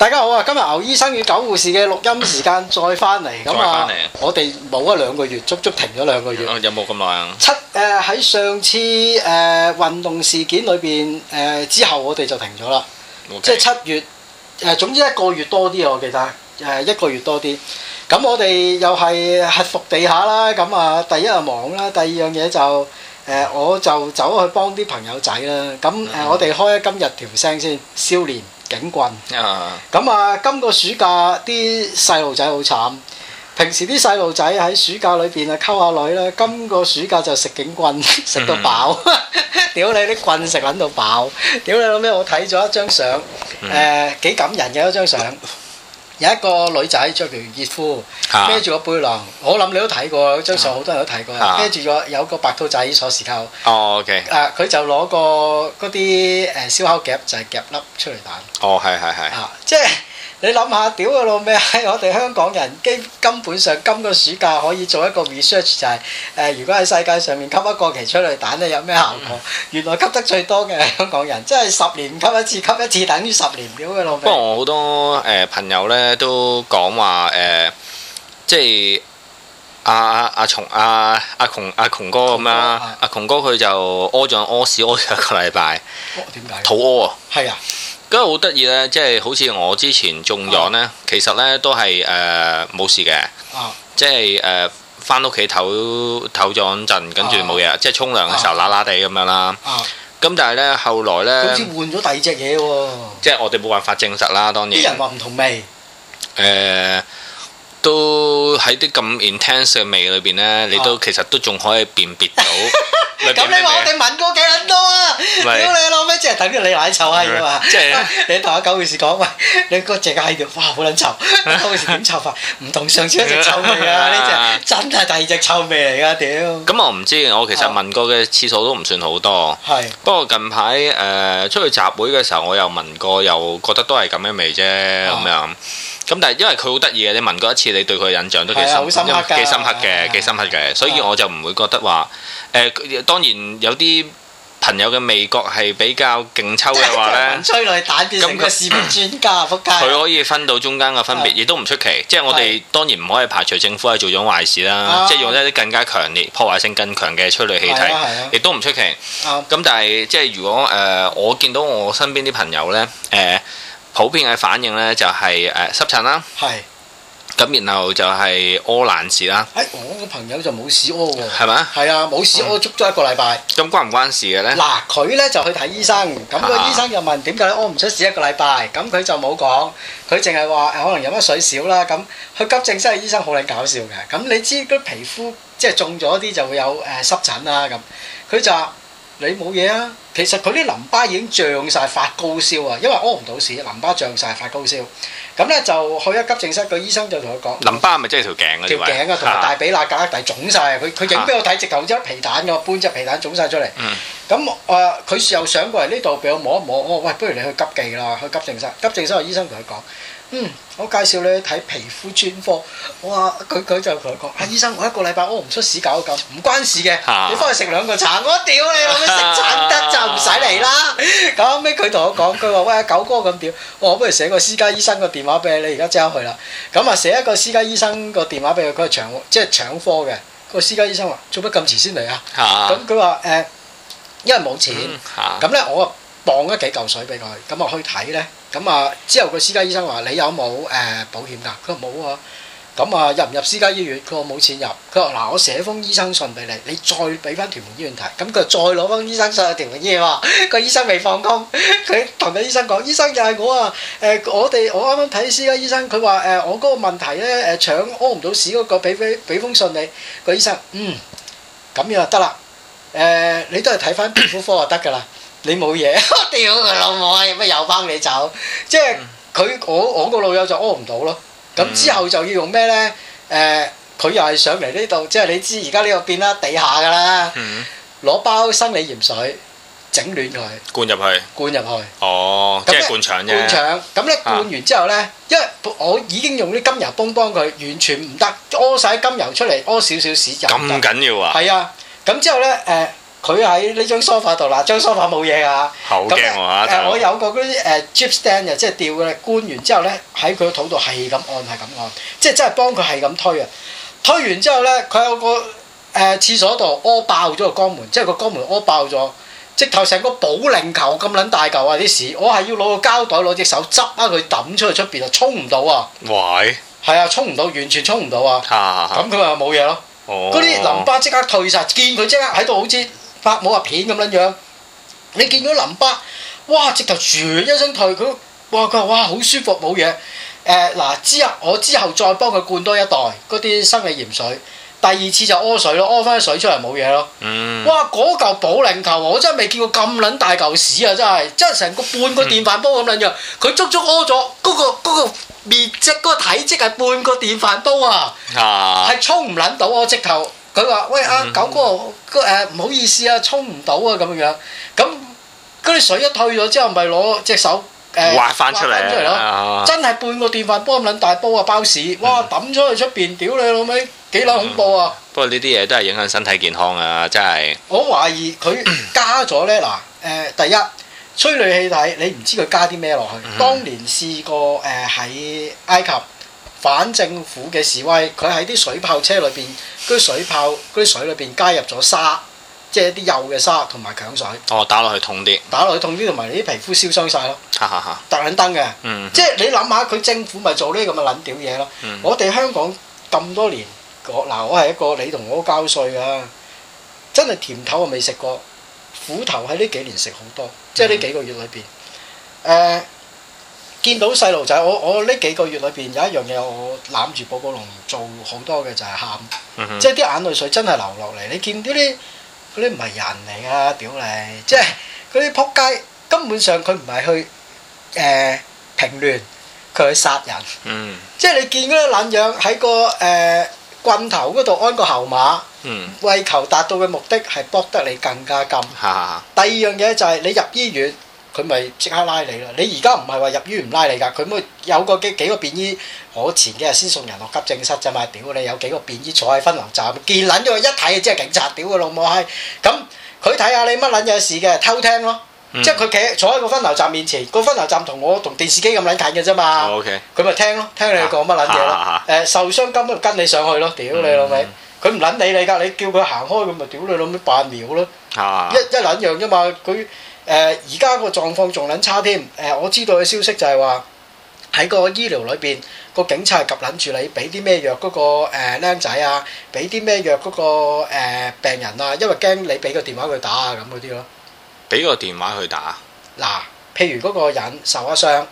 大家好啊！今日牛醫生與狗護士嘅錄音時間 再翻嚟咁啊！我哋冇一兩個月，足足停咗兩個月。有冇咁耐啊？七誒喺、呃、上次誒、呃、運動事件裏邊誒之後，我哋就停咗啦。Okay. 即係七月誒、呃，總之一個月多啲我記得誒、呃，一個月多啲。咁我哋又係核服地下啦。咁啊，第一日忙啦，第二樣嘢就誒、呃，我就走去幫啲朋友仔啦。咁誒，我哋開今日條聲先，少年。警棍啊！咁啊，今個暑假啲細路仔好慘。平時啲細路仔喺暑假裏邊啊，溝下女啦。今個暑假就食警棍，食到飽。屌你啲棍食撚到飽！屌你老咩！我睇咗一張相，誒幾、嗯呃、感人嘅一張相。嗯 有一個女仔、啊、著條熱褲，孭住個背囊，我諗你都睇過張相，好多人都睇過。孭住咗有個白兔仔鎖匙扣，哦 okay、啊佢就攞個嗰啲誒燒烤夾就係、是、夾粒出嚟彈。哦，係係係啊，即、就、係、是。你諗下，屌嘅老味，我哋香港人基根本上今個暑假可以做一個 research，就係誒，如果喺世界上面吸一個期出嚟，蛋，係有咩效果？原來吸得最多嘅香港人，即係十年吸一次，吸一次等於十年。屌嘅老味。不過我好多誒、uh, 朋友咧都講話誒，即係阿阿阿松阿阿窮阿、uh, 窮哥咁樣阿窮哥佢就屙咗屙屎屙咗一個禮拜，點解？肚屙啊！係啊！咁好得意咧，即係好似我之前中咗咧，啊、其實咧都係誒冇事嘅，啊、即係誒翻屋企唞唞咗陣，跟住冇嘢，啊、即係沖涼嘅時候嗱嗱地咁樣啦。咁、啊呃、但係咧後來咧，總之換咗第二隻嘢喎。即係我哋冇辦法證實啦，當然。啲人話唔同味。誒、呃，都喺啲咁 intense 嘅味裏邊咧，你都、啊、其實都仲可以辨別到。 咁你話我哋聞過幾撚多啊？屌你老味，即係等住你嚟臭下嘢嘛！你同阿狗尾士講，喂，你嗰隻狗哇好撚臭，狗尾士點臭法？唔同上次一隻臭味啊，呢隻真係第二隻臭味嚟噶，屌！咁我唔知，我其實聞過嘅次數都唔算好多，係。不過近排誒出去集會嘅時候，我又聞過，又覺得都係咁樣味啫，咁樣。咁但係因為佢好得意嘅，你聞過一次，你對佢嘅印象都幾深刻，幾深刻嘅，幾深刻嘅，所以我就唔會覺得話誒，當然有啲朋友嘅味覺係比較勁抽嘅話咧，催淚彈變成個市民專家，福雞，佢可以分到中間嘅分別，亦都唔出奇。即係我哋當然唔可以排除政府係做咗壞事啦，即係用一啲更加強烈、破壞性更強嘅催淚氣體，亦都唔出奇。咁但係即係如果誒，我見到我身邊啲朋友咧誒。普遍嘅反應咧就係誒濕疹啦，係，咁然後就係屙難事啦。誒，我個朋友就冇屎屙喎，係咪？係啊，冇屎屙足咗一個禮拜，咁關唔關事嘅咧？嗱，佢咧就去睇醫生，咁個醫生又問點解屙唔出屎一個禮拜，咁佢就冇講，佢淨係話誒可能飲嘅水少啦，咁去急症室嘅醫生好撚搞笑嘅，咁你知佢皮膚即係中咗啲就會有誒濕疹啦咁，佢就。你冇嘢啊！其實佢啲淋巴已經脹晒發高燒啊！因為屙唔到屎，淋巴脹晒發高燒。咁咧就去咗急症室，個醫生就同佢講：淋巴咪即係條頸啊？條頸啊，同埋大髀肋架一嚟腫晒啊！佢佢影俾我睇，直頭好似皮蛋咁，半隻皮蛋腫晒出嚟。咁誒、嗯，佢、呃、又上過嚟呢度俾我摸一摸。我、哎、喂，不如你去急記啦，去急症室。急症室個醫生同佢講。嗯，我介紹你去睇皮膚專科，我話佢佢就同我講：阿、哎、醫生，我一個禮拜屙唔出屎，搞搞，唔關事嘅，你返去食兩個橙。我屌你，我食橙得就唔使嚟啦。咁後屘佢同我講佢話：喂，九哥咁屌，我不如寫個私家醫生個電話俾你。你而家即刻去啦。咁啊，寫一個私家醫生個電話俾佢。佢係腸即係腸科嘅。個私家醫生話：做乜咁遲先嚟啊？咁佢話誒，因為冇錢。咁咧、嗯，啊、我磅咗幾嚿水俾佢，咁啊去睇咧。咁啊！之後個私家醫生話：你有冇誒、呃、保險㗎？佢話冇啊。咁啊，入唔入私家醫院？佢話冇錢入。佢話嗱，我寫封醫生信俾你，你再俾翻屯門醫院睇。咁、嗯、佢再攞翻醫生信去屯門醫院話，個醫生未放工。佢同個醫生講：醫生就係我啊！誒、呃，我哋我啱啱睇私家醫生，佢話誒，我嗰個問題咧誒，腸屙唔到屎嗰個，俾俾俾封信你個醫生。嗯，咁樣就得啦。誒、呃，你都係睇翻皮膚科就得㗎啦。 你冇嘢，我屌佢老母啊！乜又幫你走？即係佢我我個老友就屙唔到咯。咁之後就要用咩咧？誒，佢又係上嚟呢度，即係你知而家呢個變啦，地下噶啦，攞包生理鹽水整暖佢，灌入去，灌入去。哦，即係灌腸啫。灌腸咁咧，灌完之後咧，因為我已經用啲甘油幫幫佢，完全唔得，屙曬甘油出嚟，屙少少屎就唔得。咁緊要啊！係啊，咁之後咧誒。佢喺呢張梳化度啦，張梳化冇嘢㗎。咁咧、嗯呃、我有個嗰啲、呃、誒 j i p stand 又即係吊嘅，灌完之後咧喺佢個肚度係咁按，係咁按，即係真係幫佢係咁推啊。推完之後咧，佢有個誒、呃、廁所度屙爆咗個肛門，即係個肛門屙爆咗，直頭成個保齡球咁撚大嚿啊啲屎！我係要攞個膠袋攞隻手執啊，佢抌出去出邊喂啊，沖唔到啊。喂。係啊，沖唔到，完全沖唔到啊。咁佢咪冇嘢咯。嗰啲淋巴即刻退晒，見佢即刻喺度好似～發冇核片咁撚樣，你見到淋巴，哇！直頭全一身退佢，哇！佢話哇好舒服冇嘢。誒嗱、呃，之後我之後再幫佢灌多一袋嗰啲生理鹽水，第二次就屙水咯，屙翻啲水出嚟冇嘢咯。嗯。哇！嗰、那、嚿、個、保齡球我真係未見過咁撚大嚿屎啊！真係，真係成個半個電飯煲咁撚樣，佢足足屙咗嗰個面積嗰個體積係半個電飯煲啊，係衝唔撚到我直頭。佢話：喂，阿、啊、九哥，誒、呃、唔好意思啊，衝唔到啊，咁樣樣。咁嗰啲水一退咗之後，咪攞隻手誒挖翻出嚟咯。真係半個電飯煲咁撚大煲啊，包屎！哇，抌出去出邊，屌你老味，幾撚恐怖啊！嗯嗯、不過呢啲嘢都係影響身體健康啊，真係。我懷疑佢加咗咧嗱誒，嗯、第一催淚氣體，你唔知佢加啲咩落去。當年試過誒喺埃及。嗯反政府嘅示威，佢喺啲水炮車裏邊，嗰啲水炮、嗰啲水裏邊加入咗沙，即係啲幼嘅沙同埋強水。哦，打落去痛啲。打落去痛啲，同埋你啲皮膚燒傷晒咯。嚇嚇嚇！特捻燈嘅，即係你諗下，佢政府咪做呢啲咁嘅撚屌嘢咯？嗯、哼我哋香港咁多年，嗱，我係一個你同我都交稅啊，真係甜頭我未食過，苦頭喺呢幾年食好多，即係呢幾個月裏邊，誒、呃。呃見到細路仔，我我呢幾個月裏邊有一樣嘢，我攬住寶寶龍做好多嘅就係喊，嗯、哼即係啲眼淚水真係流落嚟。你見到啲嗰啲唔係人嚟㗎，屌你！嗯、即係嗰啲撲街，根本上佢唔係去誒平亂，佢、呃、去殺人。嗯、即係你見嗰啲撚樣喺個誒、呃、棍頭嗰度安個喉碼，嗯、為求達到嘅目的係搏得你更加撳。嗯嗯、第二樣嘢就係你入醫院。佢咪即刻拉你啦！你而家唔係話入院唔拉你噶，佢咪有個幾幾個便衣，我前幾日先送人落急症室咋嘛？屌你，有幾個便衣坐喺分流站，見撚咗一睇就知係警察，屌你老母閪！咁佢睇下你乜撚嘢事嘅，偷聽咯，即係佢企坐喺個分流站面前，個分流站同我同電視機咁撚近嘅啫嘛。佢咪聽咯，聽你講乜撚嘢咯？誒受傷金都跟你上去咯，屌你老味！佢唔撚你你㗎，你叫佢行開，咁咪屌你老味八秒咯，一一撚樣啫嘛佢。誒而家個狀況仲撚差添？誒、呃、我知道嘅消息就係話喺個醫療裏邊，個警察及撚住你俾啲咩藥嗰個僆仔啊，俾啲咩藥嗰個、呃、病人啊，因為驚你俾個電話佢打啊咁嗰啲咯。俾個電話佢打嗱，譬如嗰個人受咗傷，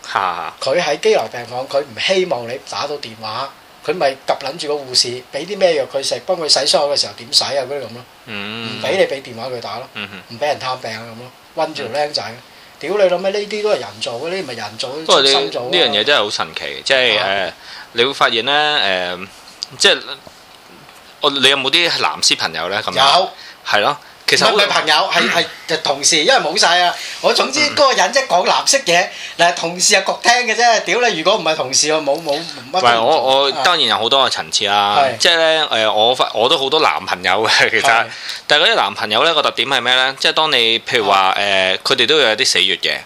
佢喺機內病房，佢唔希望你打到電話。佢咪揼撚住個護士，俾啲咩藥佢食，幫佢洗傷口嘅時候點洗啊嗰啲咁咯，唔俾你俾電話佢打咯，唔俾人探病啊咁咯，溫住條靚仔，屌你諗咩？呢啲都係人做嘅，呢啲唔係人做，出身做。不過你呢樣嘢真係好神奇，即係誒，你會發現咧誒，即係我你有冇啲男士朋友咧咁樣？有，係咯。其實我嘅朋友係係同事，因為冇晒啊！我總之嗰個人即係講藍色嘢，嗱，同事啊焗聽嘅啫。屌你，如果唔係同事，我冇冇乜。唔係我我當然有好多嘅層次啦，嗯、即係咧誒，我我都好多男朋友嘅，其實，是但係嗰啲男朋友咧個特點係咩咧？即係當你譬如話誒，佢哋都有啲死穴嘅，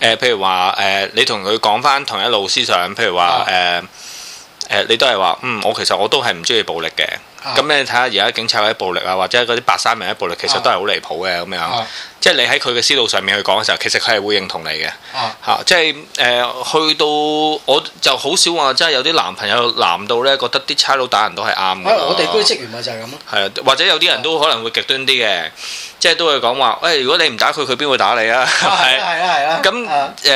誒，譬如話誒、呃嗯呃呃，你同佢講翻同一路思想，譬如話誒，誒、呃呃呃，你都係話嗯，我、嗯、其實我都係唔中意暴力嘅。咁你睇下，而家警察嗰啲暴力啊，或者嗰啲白衫人嘅暴力，其實都係好離譜嘅咁樣。啊。即係你喺佢嘅思路上面去講嘅時候，其實佢係會認同你嘅嚇、啊啊。即係誒、呃，去到我就好少話，真係有啲男朋友男到咧，覺得啲差佬打人都係啱嘅。誒、啊，我哋啲職員咪就係咁咯。係啊，或者有啲人都可能會極端啲嘅，即係都會講話喂，如果你唔打佢，佢邊會打你 啊？係啊，啊，啊，啊，啊，啊，係啊。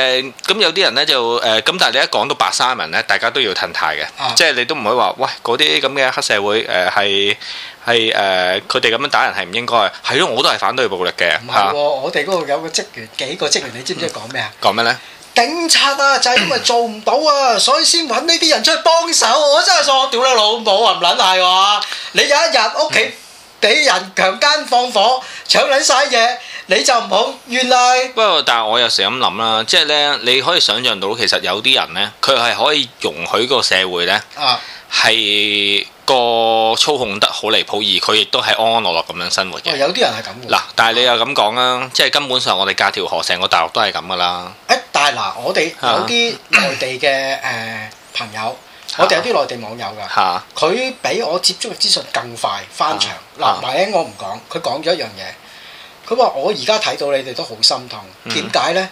咁誒，咁有啲人咧就誒，咁但係你一講到白沙文咧，大家都要褪軚嘅，即係你都唔可以話唔會話喂嗰啲咁嘅黑社會誒係。呃係誒，佢哋咁樣打人係唔應該，係咯，我都係反對暴力嘅。唔係，我哋嗰度有個職員，幾個職員，你知唔知講咩啊？講咩咧？警察啊，就係因為做唔到啊，所以先揾呢啲人出去幫手。我真係想，我屌你老母啊，唔撚係話，你有一日屋企俾人強姦、放火、搶捻晒嘢，你就唔好怨嚟。不過，但係我又成咁諗啦，即係咧，你可以想象到，其實有啲人咧，佢係可以容許個社會咧。啊。係個操控得好離譜，而佢亦都係安安樂樂咁樣生活嘅。有啲人係咁嘅。嗱，但係你又咁講啦，即係根本上我哋隔條河成個大陸都係咁噶啦。誒，但係嗱，我哋有啲內地嘅誒朋友， 我哋有啲內地網友㗎。佢 比我接觸嘅資訊更快翻牆。嗱，埋嘅我唔講，佢講咗一樣嘢。佢 話：我而家睇到你哋都好心痛，點解、嗯、呢？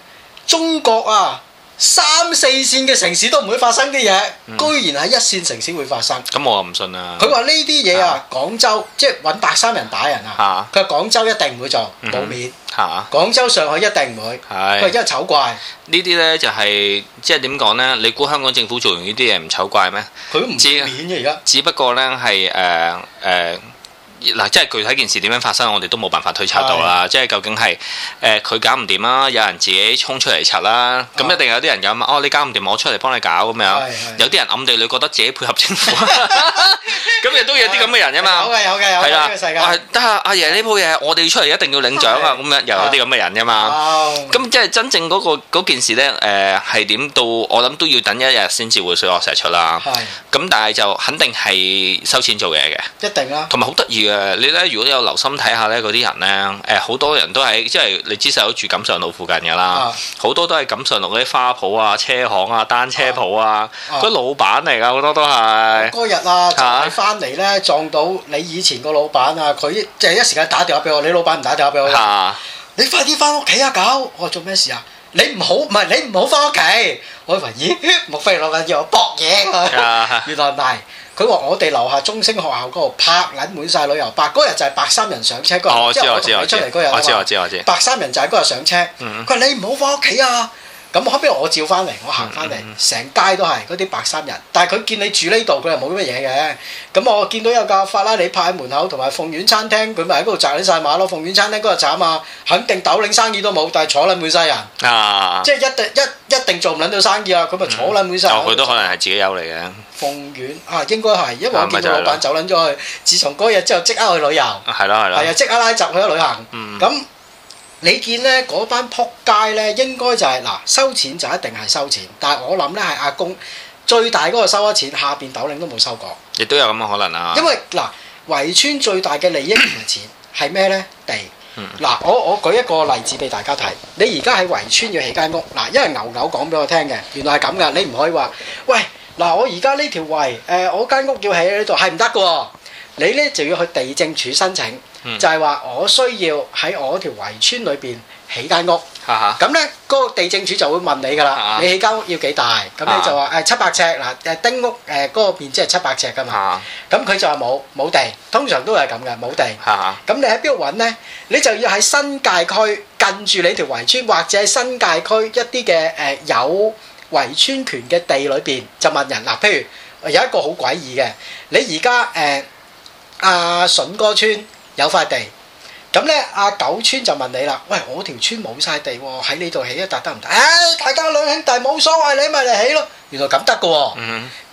中國啊！三四線嘅城市都唔會發生啲嘢，嗯、居然喺一線城市會發生。咁、嗯、我又唔信啊！佢話呢啲嘢啊，廣州即係揾白衫人打人啊！佢話、啊、廣州一定唔會做，冇、嗯、面。嚇、啊！廣州、上海一定唔會。係、啊。佢話因為醜怪。呢啲呢，就係即係點講呢？你估香港政府做完呢啲嘢唔醜怪咩？佢都唔知啊！而家。只不過呢，係誒誒。呃呃嗱，即係具體件事點樣發生，我哋都冇辦法推測到啦。的即係究竟係誒佢搞唔掂啦，有人自己衝出嚟拆啦，咁、哦、一定有啲人咁哦，你搞唔掂，我出嚟幫你搞咁樣，的有啲人暗地裏覺得自己配合政府，咁亦 都有啲咁嘅人啊嘛。好嘅，好嘅，係啦，世界得啊，阿爺的、那個、呢鋪嘢、呃，我哋出嚟一定要領獎啊！咁樣又有啲咁嘅人啊嘛。咁即係真正嗰個嗰件事咧，誒係點到我諗都要等一日先至會水落石出啦。係的。咁但係就肯定係收錢做嘢嘅，一定啦。同埋好得意。你咧如果有留心睇下咧，嗰啲人咧，誒好多人都係即係你知細佬住錦上路附近嘅啦，好、啊、多都係錦上路啲花圃啊、車行啊、單車鋪啊，嗰啲、啊、老闆嚟噶，好、啊、多都係。嗰日啊，就係翻嚟咧撞到你以前個老闆啊，佢即係一時間打電話俾我，你老闆唔打電話俾我，啊、你快啲翻屋企啊，搞，我做咩事啊？你唔好唔係你唔好翻屋企，我話咦，莫非攞緊嘢博嘢㗎？啊、 原來唔係。佢話：我哋樓下中升學校嗰度拍撚滿晒旅遊巴，嗰日就係白衫人上車嗰日，之後、哦、我同佢出嚟日。白衫人就係嗰日上車。佢話：你唔好翻屋企啊！咁後邊我照翻嚟，我行翻嚟，成街都係嗰啲白衫人。但係佢見你住呢度，佢又冇乜嘢嘅。咁我見到有架法拉利泊喺門口，同埋鳳苑餐廳，佢咪喺嗰度集緊晒馬咯。鳳苑餐廳嗰日慘啊，肯定斗零生意都冇，但係坐撚滿曬人。啊即！即係一定一一定做唔撚到生意啦。佢咪坐撚滿曬。哦、嗯，佢都可能係自己有嚟嘅。鳳苑啊，應該係，因為我見到老闆走撚咗去。啊就是、就是自從嗰日之後，即刻去旅遊。係啦係啦。係啊，即刻拉閘去咗旅行。咁、嗯。嗯。你見咧嗰班撲街咧，應該就係、是、嗱收錢就一定係收錢，但係我諗咧係阿公最大嗰個收咗錢，下邊豆領都冇收過，亦都有咁嘅可能啊。因為嗱圍村最大嘅利益唔係錢係咩咧地？嗱我我舉一個例子俾大家睇，你而家喺圍村要起間屋嗱，因為牛牛講俾我聽嘅，原來係咁噶，你唔可以話喂嗱我而家呢條圍誒、呃、我間屋要起喺呢度係唔得嘅喎。你咧就要去地政署申請，就係話我需要喺我條圍村裏邊起間屋，咁咧嗰個地政署就會問你㗎啦。你起間屋要幾大？咁你就話誒七百尺嗱誒丁屋誒嗰個面積係七百尺㗎嘛。咁佢就話冇冇地，通常都係咁嘅冇地。咁你喺邊度揾咧？你就要喺新界區近住你條圍村，或者喺新界區一啲嘅誒有圍村權嘅地裏邊就問人嗱。譬如有一個好詭異嘅，你而家誒。阿筍哥村有塊地，咁咧阿九村就問你啦，喂，我條村冇晒地喎，喺呢度起一笪得唔得？唉，大家兩兄弟冇所謂，你咪嚟起咯。原來咁得噶，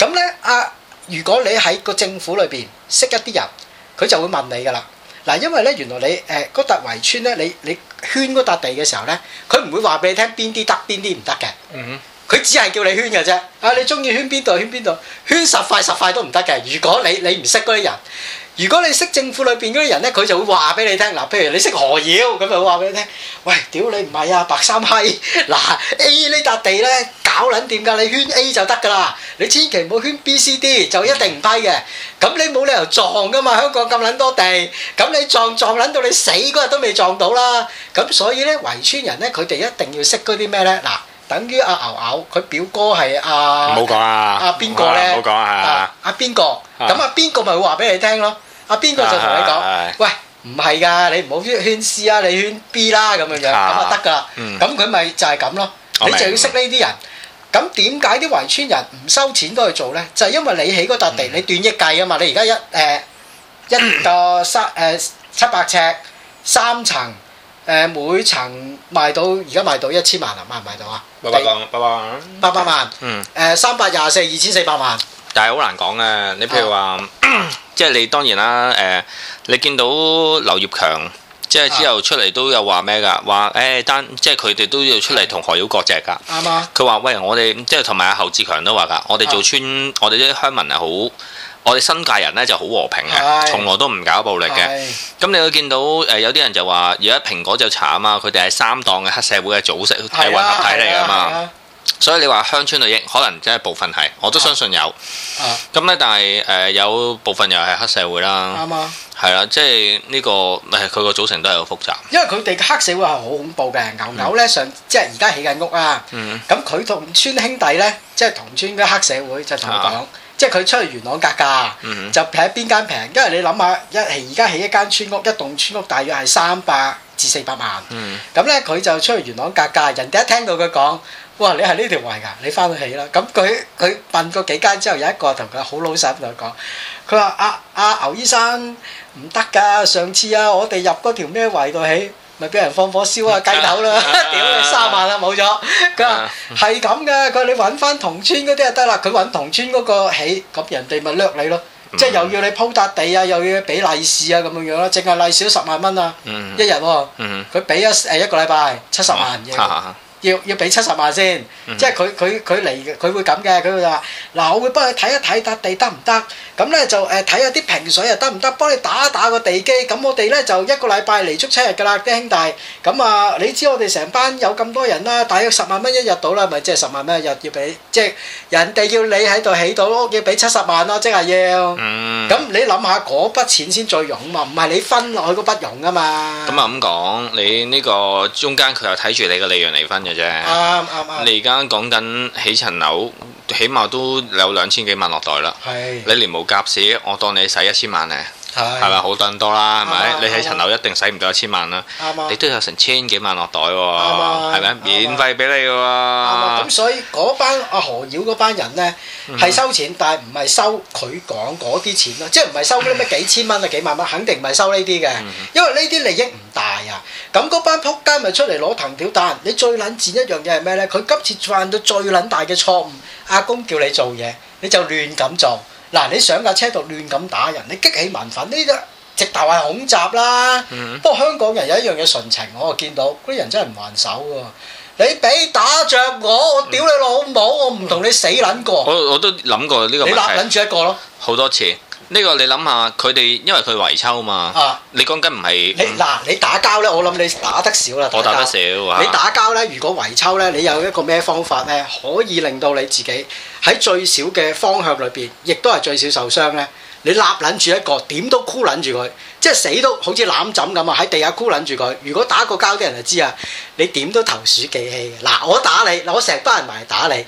咁咧，阿如果你喺個政府裏邊識一啲人，佢就會問你噶啦。嗱，因為咧原來你誒嗰笪圍村咧，你你圈嗰笪地嘅時候咧，佢唔會話俾你聽邊啲得邊啲唔得嘅。嗯，佢只係叫你圈嘅啫。啊，你中意圈邊度圈邊度，圈十塊十塊都唔得嘅。如果你你唔識嗰啲人。如果你識政府裏邊嗰啲人咧，佢就會話俾你聽。嗱，譬如你識何妖咁，就會話俾你聽。喂，屌你唔係啊，白衫閪！嗱，A 呢笪地咧搞撚掂㗎，你圈 A 就得㗎啦。你千祈唔好圈 B、C、D，就一定唔批嘅。咁你冇理由撞㗎嘛？香港咁撚多地，咁你撞撞撚到你死嗰日都未撞到啦。咁所以咧，圍村人咧，佢哋一定要識嗰啲咩咧？嗱，等於阿牛牛佢表哥係阿冇講啊，阿邊個咧冇講啊，阿邊個咁啊？邊個咪會話俾你聽咯？阿邊個就同你講，啊啊啊啊、喂，唔係噶，你唔好圈圈 C 啦、啊，你圈 B 啦咁樣、啊嗯、樣，咁就得噶啦。咁佢咪就係咁咯。你就要識呢啲人。咁點解啲圍村人唔收錢都去做呢？就係、是、因為你起嗰笪地，你斷益計啊嘛。你而家一誒一個三誒七百尺三層誒、呃、每層賣到而家賣到一千萬啊？賣唔賣到啊？八百萬八百 800, 八百萬。八嗯。誒，三百廿四，二千四百萬。但係好難講嘅，你譬如話、啊， 即係你當然啦，誒、呃，你見到劉業強，即係之後出嚟都有話咩噶？話誒、欸、單，即係佢哋都要出嚟同何耀割席噶。啱佢話喂，我哋即係同埋阿侯志強都話噶，我哋做村，啊、我哋啲鄉民係好，我哋新界人咧就好和平嘅，啊、從來都唔搞暴力嘅。咁、啊、你會見到誒、呃、有啲人就話，而家蘋果就慘啊，佢哋係三檔嘅黑社會嘅組織，係混合體嚟噶嘛。啊啊啊所以你話鄉村利益可能即係部分係，我都相信有。咁咧、啊，啊、但係誒、呃、有部分又係黑社會啦。啱啊！係啦、啊，即係呢個佢個組成都係好複雜。因為佢哋黑社會係好恐怖嘅。牛牛咧、嗯、上即係而家起緊屋啊！咁佢同村兄弟咧，即係同村嘅黑社會就同佢講，嗯、即係佢出去元朗格價，嗯、就睇邊間平。因為你諗下，一而家起一間村屋，一棟村屋大約係三百至四百萬。咁咧，佢就出去元朗格價，人哋一聽到佢講。哇！你係呢條圍㗎，你翻去起啦。咁佢佢問過幾間之後，有一個同佢好老實咁同佢講，佢話：阿、啊、阿、啊、牛醫生唔得㗎。上次啊，我哋入嗰條咩圍度起，咪俾人放火燒啊，雞頭啦！屌、啊、 你三萬啦，冇咗。佢話係咁嘅，佢、啊、你揾翻同村嗰啲就得啦。佢揾同村嗰個起，咁人哋咪掠你咯。即係又要你鋪笪地啊，又要俾利是啊，咁樣樣啦，淨係利是十萬蚊啊，一日喎。佢俾咗一個禮拜七十萬要要俾七十萬先，即係佢佢佢嚟佢會咁嘅，佢就話嗱，我會幫你睇一睇笪地得唔得？咁咧就誒睇下啲平水又得唔得？幫你打一打個地基。咁我哋咧就一個禮拜嚟足七日㗎啦，啲兄弟。咁啊，你知我哋成班有咁多人啦，大約十萬蚊一日到啦，咪即係十萬蚊一日要俾，即係人哋要你喺度起到屋要俾七十萬咯，即係要。咁你諗下嗰筆錢先再用啊，唔係你分落去嗰筆用啊嘛。咁啊咁講，你呢個中間佢又睇住你個利潤嚟分嘅。啱啱啱！你而家講緊起層樓，起碼都有兩千幾萬落袋啦。Yeah. 你連冇夾屎，我當你使一千萬咧。係咪好多多啦？係咪？你喺層樓一定使唔到一千萬啦，你都有成千幾萬落袋喎，係咪？免費俾你喎。咁所以嗰班阿何妖嗰班人咧，係收錢，但係唔係收佢講嗰啲錢咯，即係唔係收嗰啲咩幾千蚊啊、幾萬蚊？肯定唔係收呢啲嘅，因為呢啲利益唔大啊。咁嗰班撲街咪出嚟攞藤條單。你最撚賤一樣嘢係咩咧？佢今次犯到最撚大嘅錯誤，阿公叫你做嘢，你就亂咁做。嗱，你上架車度亂咁打人，你激起民憤，呢個直頭係恐襲啦。Mm hmm. 不過香港人有一樣嘢純情，我就見到嗰啲人真係唔還手喎。你俾打着我，我屌你老母，我唔同你死撚過我。我都諗過呢個問題。你揦住一個咯，好多次。呢個你諗下，佢哋因為佢圍抽嘛，啊、你講緊唔係？嗯、你嗱，你打交咧，我諗你打得少啦。打我打得少啊！你打交咧，如果圍抽咧，你有一個咩方法咧，可以令到你自己喺最少嘅方向裏邊，亦都係最少受傷咧？你立捻住一個點都箍捻住佢，即係死都好似攬枕咁啊！喺地下箍捻住佢。如果打過交啲人就知啊，你點都投鼠忌器。嗱，我打你，嗱，我成班人埋嚟，打你。打你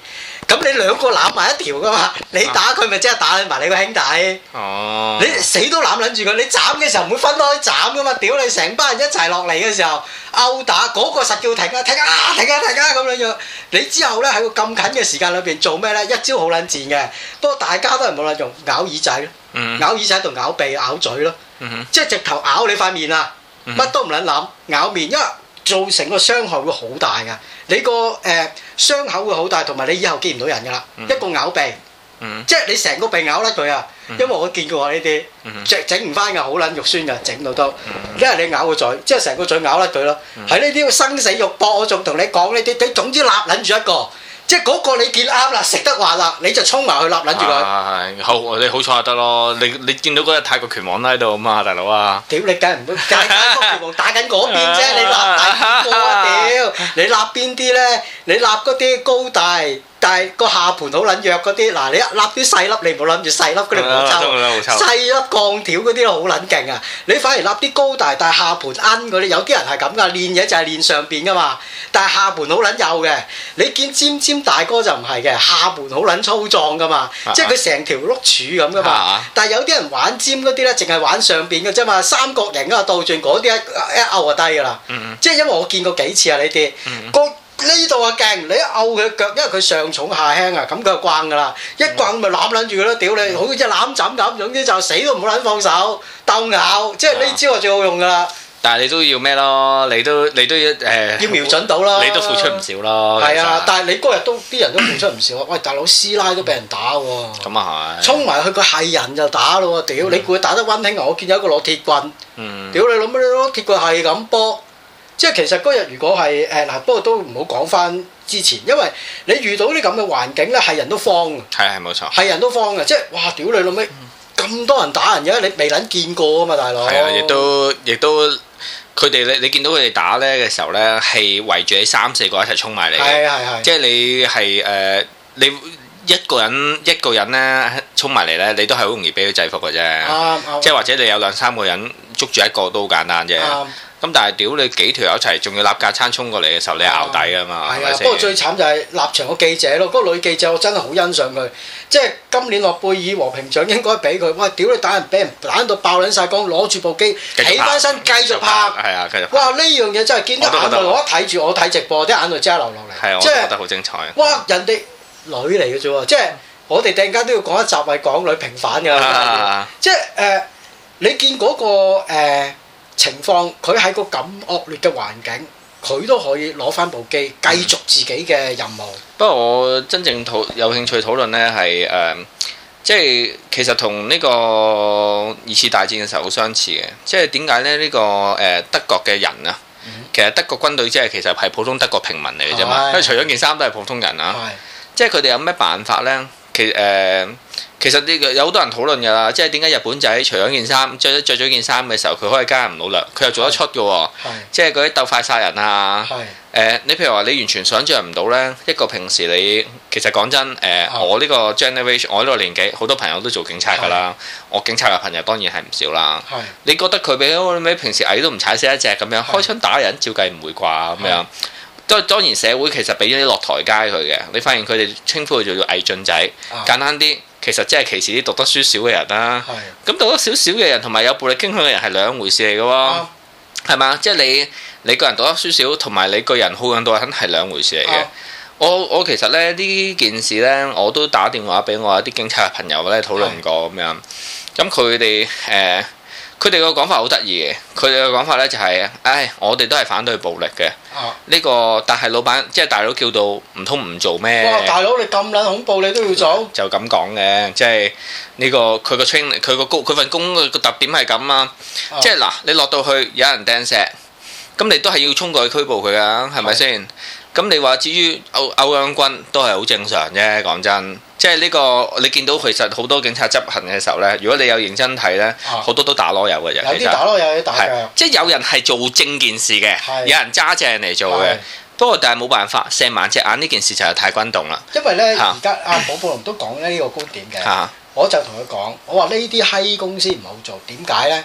咁你兩個攬埋一條噶嘛？你打佢咪即係打你埋你個兄弟？哦！Oh. 你死都攬撚住佢。你斬嘅時候唔會分開斬噶嘛？屌你！成班人一齊落嚟嘅時候，毆打嗰個實叫停！停啊！停啊！停啊！停啊！咁樣樣。你之後咧喺個咁近嘅時間裏邊做咩咧？一招好撚賤嘅。不過大家都係冇撚用，咬耳仔咯，咬耳仔同咬鼻、咬嘴咯，mm hmm. 即係直頭咬你塊面啊！乜都唔撚諗，咬面，因為造成個傷害會好大噶。你個誒。呃傷口會好大，同埋你以後見唔到人噶啦，嗯、一個咬鼻，嗯、即係你成個鼻咬甩佢啊！嗯、因為我見過呢啲，着整唔翻嘅，好撚肉酸嘅，整到都，嗯、因為你咬個嘴，即係成個嘴咬甩佢咯。喺呢啲生死肉搏，我仲同你講呢啲，你總之立捻住一個。即係嗰個你見啱啦，食得話啦，你就衝埋去立撚住佢。係係、啊啊啊，好，你好彩就得咯。你你見到嗰隻泰國拳王喺度嘛，大佬啊？屌你梗唔會，泰國拳王打緊嗰邊啫，你立大邊個啊？屌，你立邊啲咧？你立嗰啲高大，但係個下盤好撚弱嗰啲，嗱，你一立啲細粒，你唔好諗住細粒嗰啲冇抽，細粒鋼條嗰啲咯好撚勁啊！你反而立啲高大，但係下盤奀嗰啲，有啲人係咁噶，練嘢就係練上邊噶嘛。但係下盤好撚幼嘅，你見尖尖大哥就唔係嘅，下盤好撚粗壯噶嘛，uh huh. 即係佢成條碌柱咁噶嘛。Uh huh. 但係有啲人玩尖嗰啲咧，淨係玩上邊嘅啫嘛，三角形啊倒轉嗰啲一一拗就低噶啦。即係、uh huh. 因為我見過幾次啊，你啲。呢度啊勁，你一勾佢腳，因為佢上重下輕啊，咁佢就慣噶啦，一慣咪攬撚住佢咯，屌你，好似一攬枕咁，總之就死都唔好撚放手，鬥咬，即係呢招係最好用噶啦。但係你都要咩咯？你都你都要誒，要瞄準到咯，你都付出唔少咯。係啊，但係你嗰日都啲人都付出唔少喎。喂，大佬師奶都俾人打喎，咁啊係，衝埋去個係人就打咯喎，屌你，估佢打得溫馨啊！我見有一個攞鐵棍，屌你諗乜嘢攞鐵棍係咁搏？即係其實嗰日如果係誒嗱，不過都唔好講翻之前，因為你遇到啲咁嘅環境咧，係人都慌嘅。係係冇錯，係人都慌嘅。即係哇！屌你老味咁多人打人嘅，你未撚見過啊嘛，大佬。係啊，亦都亦都，佢哋你你見到佢哋打咧嘅時候咧，係圍住你三四個一齊衝埋嚟嘅。係係係。即係你係誒、呃，你一個人一個人咧衝埋嚟咧，你都係好容易俾佢制服嘅啫。啱啱。即係或者你有兩三個人捉住一個都好簡單啫。啊啊咁但係屌你幾條友一齊，仲要立架撐衝過嚟嘅時候，你係拗底啊嘛！係啊，不過最慘就係立場個記者咯。嗰個女記者我真係好欣賞佢，即係今年諾貝爾和平獎應該俾佢。哇！屌你打人，俾人打到爆卵晒光，攞住部機起翻身繼續拍，係啊，繼續。哇！呢樣嘢真係見到眼內，我一睇住我睇直播，啲眼淚即刻流落嚟。係我覺得好精彩。哇！人哋女嚟嘅啫喎，即係我哋突然間都要講一集係港女平反嘅，即係誒你見嗰個情況佢喺個咁惡劣嘅環境，佢都可以攞翻部機繼續自己嘅任務。嗯。不過我真正討有興趣討論呢係誒，即係其實同呢個二次大戰嘅時候好相似嘅。即係點解呢？呢、這個誒、呃、德國嘅人啊，嗯、其實德國軍隊即係其實係普通德國平民嚟嘅啫嘛，佢、嗯、除咗件衫都係普通人啊。嗯嗯、即係佢哋有咩辦法呢？其誒其實呢個、呃、有好多人討論㗎啦，即係點解日本仔除咗件衫，着咗著咗件衫嘅時候，佢可以加入唔到咧？佢又做得出嘅喎，是即係嗰啲鬥快殺人啊！誒是、呃，你譬如話你完全想像唔到呢，一個平時你其實講真誒，呃、是我呢個 generation，我呢個年紀好多朋友都做警察㗎啦，是我警察嘅朋友當然係唔少啦。是你覺得佢俾嗰個咩平時矮都唔踩死一隻咁樣，開槍打人照計唔會啩咁樣？都當然社會其實俾咗落台階佢嘅，你發現佢哋稱呼佢做做偉俊仔，簡單啲，其實即係歧視啲讀得書少嘅人啦。咁的讀得少少嘅人同埋有，有暴力傾向嘅人係兩回事嚟嘅喎，係嘛的？即係你你個人讀得書少，少，同埋你個人好向暴力係兩回事嚟嘅。的我我其實咧呢件事咧，我都打電話俾我一啲警察朋友咧討論過咁的樣，咁佢哋誒。呃佢哋個講法好得意嘅，佢哋嘅講法咧就係、是、啊，唉，我哋都係反對暴力嘅。呢、啊，這個但係老闆即係大佬叫到唔通唔做咩？哇！大佬你咁撚恐怖，你都要做、啊？就咁講嘅，即係呢、這個佢個清佢個佢份工嘅特點係咁啊！啊即係嗱，你落到去有人掟石，咁、啊、你都係要衝過去拘捕佢啊，係咪先？咁你話至於歐歐陽君都係好正常啫，講真，即係呢、呢個你見到其實好多警察執行嘅時候咧，如果你有認真睇咧，好、啊、多都打籮柚嘅，有啲打籮柚，有啲打即係有人係做正件事嘅，是有人揸正嚟做嘅，不過是但係冇辦法，射萬隻眼呢件事就係太轟動啦。因為咧而家阿寶寶龍都講呢個觀點嘅、啊，我就同佢講，我話呢啲閪公司唔好做，點解咧？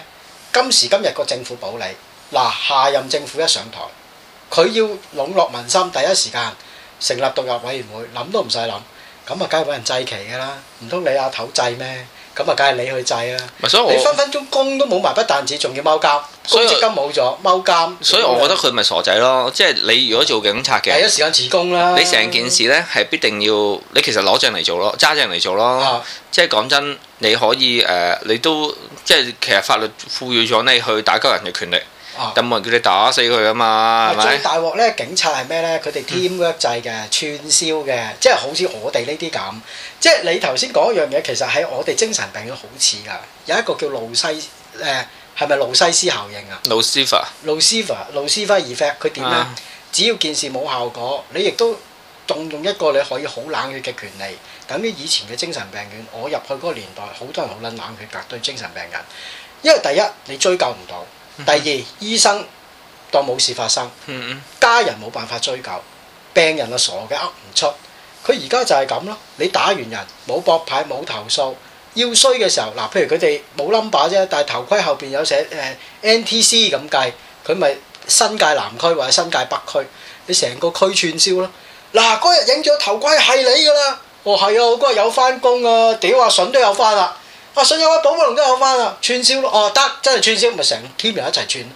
今時今日個政府保你，嗱下任政府一上台。佢要籠絡民心，第一時間成立獨立委員會，諗都唔使諗，咁啊，梗係揾人祭旗㗎啦，唔通你阿頭祭咩？咁啊，梗係你去祭啦。你分分鐘工都冇埋，不但止，仲要踎監，所以資金冇咗，踎監。所以我覺得佢咪傻仔咯，即係你如果做警察嘅，第一時間辭工啦。你成件事咧係必定要，你其實攞人嚟做咯，揸人嚟做咯。啊、即係講真，你可以誒、呃，你都即係其實法律賦予咗你去打鳩人嘅權力。啊！就冇人叫你打死佢啊嘛，係咪？最大鑊咧，警察係咩咧？佢哋 teamwork 制嘅，串燒嘅，即係好似我哋呢啲咁。即係你頭先講一樣嘢，其實喺我哋精神病院好似噶，有一個叫路西誒，係咪路西斯效應啊？路斯法。路斯法，路斯法 effect，佢點咧？只要件事冇效果，你亦都動用一個你可以好冷血嘅權利，等於以前嘅精神病院。我入去嗰個年代，好多人好撚冷血，對精神病人，因為第一你追究唔到。第二，醫生當冇事發生，嗯嗯，家人冇辦法追究，病人啊傻嘅，呃唔出，佢而家就係咁咯。你打完人，冇博牌，冇投訴，要衰嘅時候嗱、呃，譬如佢哋冇 number 啫，但係頭盔後邊有寫誒、呃、NTC 咁計，佢咪新界南區或者新界北區，你成個區串燒咯。嗱、呃，嗰日影咗頭盔係你㗎啦，哦係啊，我嗰日有返工啊，屌啊筍都有返啦。啊！信用卡、寶龍都有翻啦，串燒哦得，真係串燒咪成 team 埋一齊串咯。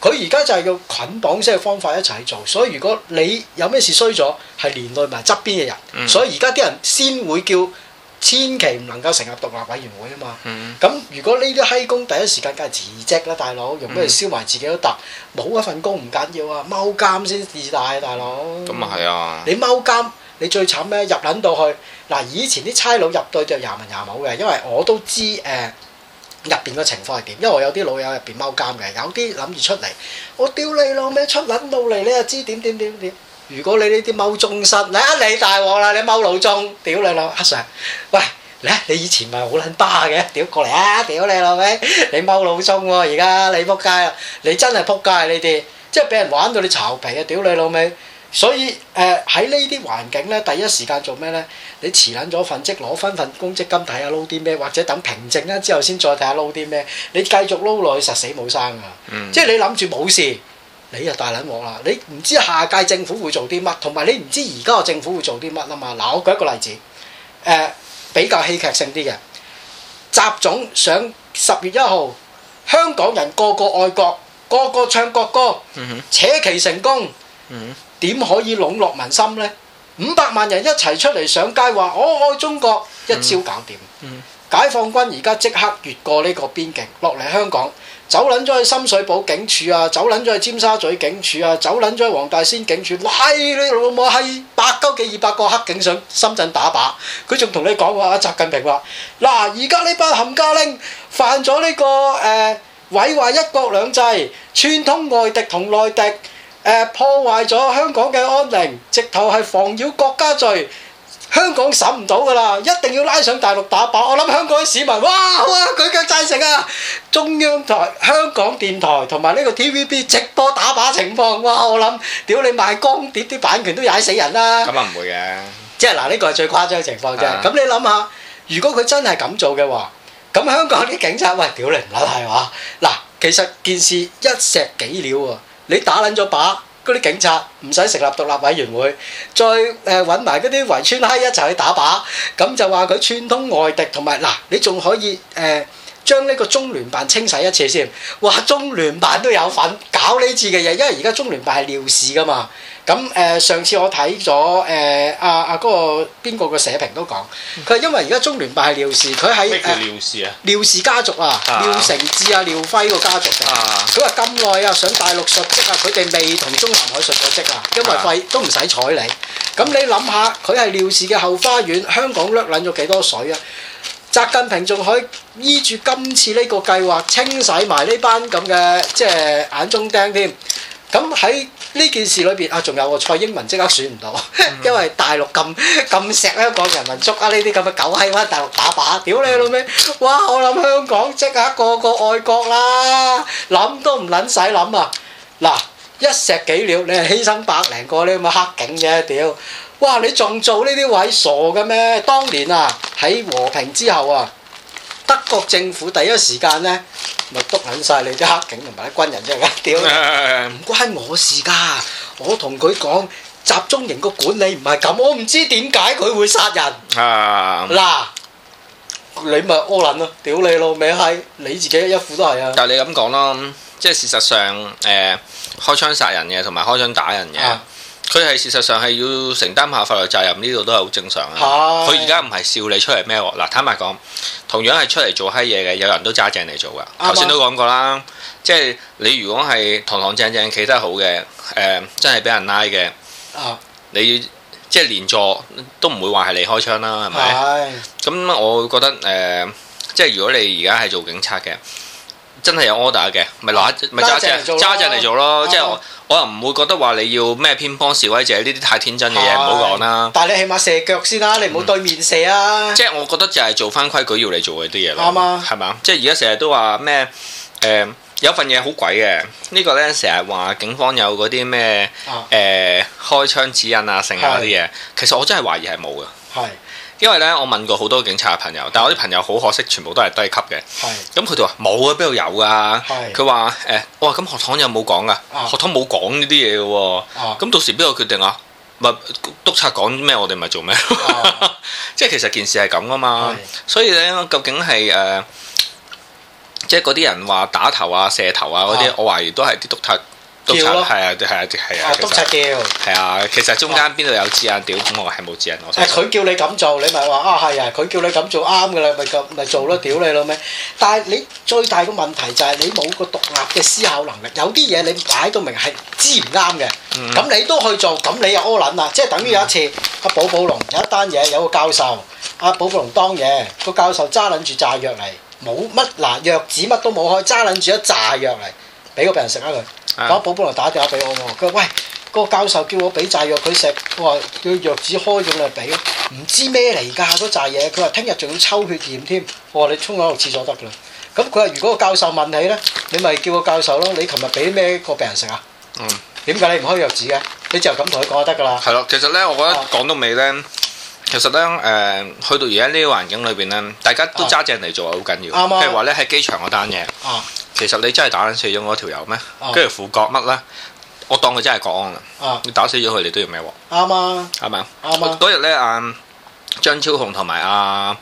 佢而家就係要捆綁式嘅方法一齊做，所以如果你有咩事衰咗，係連累埋側邊嘅人。嗯、所以而家啲人先會叫千祈唔能夠成立獨立委員會啊嘛。咁、嗯、如果呢啲閪工第一時間梗係辭職啦，大佬，用咩燒埋自己都得，冇、嗯、一份工唔緊要啊，踎監先至大，大佬。咁、嗯嗯、對啊係啊！你踎監，你最慘咩？入撚到去。嗱，以前啲差佬入到就廿文廿毛嘅，因為我都知誒入邊個情況係點，因為我有啲老友入邊踎監嘅，有啲諗住出嚟，我屌你老味出撚到嚟，你又知點點點點。如果你呢啲踎忠身，嗱，你大鑊啦，你踎老忠，屌你老黑 Sir！喂，咧你以前咪好撚巴嘅，屌過嚟啊！屌你老味，你踎老忠喎，而家你撲街啦，你真係撲街你啲，即係俾人玩到你巢皮啊！屌你老味。所以誒喺呢啲環境咧，第一時間做咩咧？你辭撚咗份職，攞翻份公積金睇下撈啲咩，或者等平靜啦之後先再睇下撈啲咩。你繼續撈落去，實死冇生㗎！嗯、即係你諗住冇事，你又大撚惡啦！你唔知下屆政府會做啲乜，同埋你唔知而家個政府會做啲乜啊嘛！嗱，我舉一個例子，誒、呃、比較戲劇性啲嘅，習總想十月一號香港人個個愛國，個個唱國歌，扯旗成功。嗯嗯點可以籠絡民心呢？五百萬人一齊出嚟上街話我愛中國，嗯、一招搞掂。嗯、解放軍而家即刻越過呢個邊境落嚟香港，走撚咗去深水埗警署啊，走撚咗去尖沙咀警署啊，走撚咗去黃大仙警署，哇、哎！你老母係百鳩幾二百個黑警上深圳打靶，佢仲同你講話啊！習近平話：嗱，而家呢班冚家拎犯咗呢、這個誒，毀、呃、壞一國兩制，串通外敵同內敵。誒破壞咗香港嘅安寧，直頭係妨擾國家罪，香港審唔到㗎啦，一定要拉上大陸打靶。我諗香港市民，哇哇，舉腳贊成啊！中央台、香港電台同埋呢個 TVB 直播打靶情況，哇！我諗，屌你賣光碟啲版權都踩死人啦！咁啊唔會嘅，即係嗱，呢個係最誇張嘅情況啫。咁你諗下，如果佢真係咁做嘅話，咁香港啲警察喂，屌你唔甩係嘛？嗱，其實件事一石幾鳥喎。你打撚咗靶嗰啲警察唔使成立獨立委員會，再揾埋嗰啲圍村閪一齊去打靶，咁就話佢串通外敵，同埋嗱，你仲可以誒、呃、將呢個中聯辦清洗一次先，話中聯辦都有份搞呢次嘅嘢，因為而家中聯辦係尿事噶嘛。咁誒上次我睇咗誒阿阿嗰個邊個個社評都講，佢係因為而家中聯辦係廖氏，佢係咩叫廖氏啊？廖氏家族啊，廖承志啊、廖輝個家族定？佢話咁耐啊，上大陸述職啊，佢哋未同中南海述過職啊，因為費都唔使睬你。咁、啊、你諗下，佢係廖氏嘅後花園，香港掠撚咗幾多水啊？習近平仲可以依住今次呢個計劃清洗埋呢班咁嘅即係眼中釘添。咁喺呢件事裏邊啊，仲有個蔡英文即刻選唔到，因為大陸咁咁錫香港人民捉啊，呢啲咁嘅狗閪喺大陸打靶，屌你老味！哇，我諗香港即刻個個愛國啦，諗都唔撚使諗啊！嗱，一石幾鳥，你係犧牲百零個，你咪黑警嘅屌！哇，你仲做呢啲位，傻嘅咩？當年啊，喺和平之後啊。德國政府第一時間咧，咪督撚曬你啲黑警同埋啲軍人啫！屌，唔關我事㗎，我同佢講集中營個管理唔係咁，我唔知點解佢會殺人。啊！嗱，你咪惡撚咯，屌你老味閪，你自己一副都係啊！但係你咁講咯，即係事實上，誒，開槍殺人嘅同埋開槍打人嘅。佢係事實上係要承擔下法律責任，呢度都係好正常啊。佢而家唔係笑你出嚟咩？喎嗱，坦白講，同樣係出嚟做閪嘢嘅，有人都揸正嚟做㗎。頭先吧都講過啦，即係你如果係堂堂正正企得好嘅，誒、呃，真係俾人拉嘅，啊、你即係連坐都唔會話係你開槍啦，係咪？咁的我會覺得誒、呃，即係如果你而家係做警察嘅。真係有 order 嘅，咪攞，咪揸，揸入嚟做咯。即係我又唔會覺得話你要咩偏幫示威者呢啲太天真嘅嘢，唔好講啦。但係你起碼射腳先啦，你唔好對面射啊。即係我覺得就係做翻規矩要你做嗰啲嘢咯。啱啊。係咪啊？即係而家成日都話咩？誒有份嘢好鬼嘅，呢個咧成日話警方有嗰啲咩誒開槍指引啊、剩下嗰啲嘢。其實我真係懷疑係冇嘅。係。因為咧，我問過好多警察嘅朋友，是的 但係我啲朋友好可惜，全部都係低級嘅。咁佢哋話冇啊，邊度有啊？佢話誒，我話咁學堂有冇講啊？啊學堂冇講呢啲嘢嘅喎。咁、啊、到時邊個決定啊？咪督察講咩，我哋咪做咩，即係其實件事係咁啊嘛。是的 所以咧，究竟係誒，即係嗰啲人話打頭啊、射頭啊嗰啲，啊啊、我懷疑都係啲督察。叫咯，係啊，係啊，係啊，督察叫，係啊，其實中間邊度有指引？屌，我係冇指引，我係佢叫你咁做，你咪話啊，係啊，佢叫你咁做啱㗎啦，咪咁咪做咯，屌你老味！但係你最大嘅問題就係你冇個獨立嘅思考能力，有啲嘢你擺到明係知唔啱嘅，咁你都去做，咁你又屙撚啦，即係等於有一次阿寶寶龍有一單嘢，有個教授，阿寶寶龍當嘢，個教授揸撚住炸藥嚟，冇乜嗱藥紙乜都冇開，揸撚住一炸藥嚟俾個病人食啊佢。嗰寶寶嚟打電話俾我，佢話：喂，嗰個教授叫我俾炸藥佢食，我話叫藥紙開咁嚟俾，唔知咩嚟㗎嗰炸嘢。佢話：聽日仲要抽血驗添，我話你沖咗個廁所得㗎啦。咁佢話：如果個教授問你咧，你咪叫個教授咯。你琴日俾咩個病人食啊？點解、嗯、你唔開藥紙嘅？你就咁同佢講就得㗎啦。係咯，其實咧，我覺得講到尾咧。其實咧，誒、呃、去到而家呢個環境裏邊咧，大家都揸正嚟做係好緊要，譬、啊、如話咧喺機場嗰單嘢，啊、其實你真係打撚死咗嗰條友咩？跟住副局乜咧，我當佢真係國安啦，啊、你打死咗佢你都要咩喎？啱啊，係咪啊？嗰日咧，阿張、啊啊、超雄同埋阿。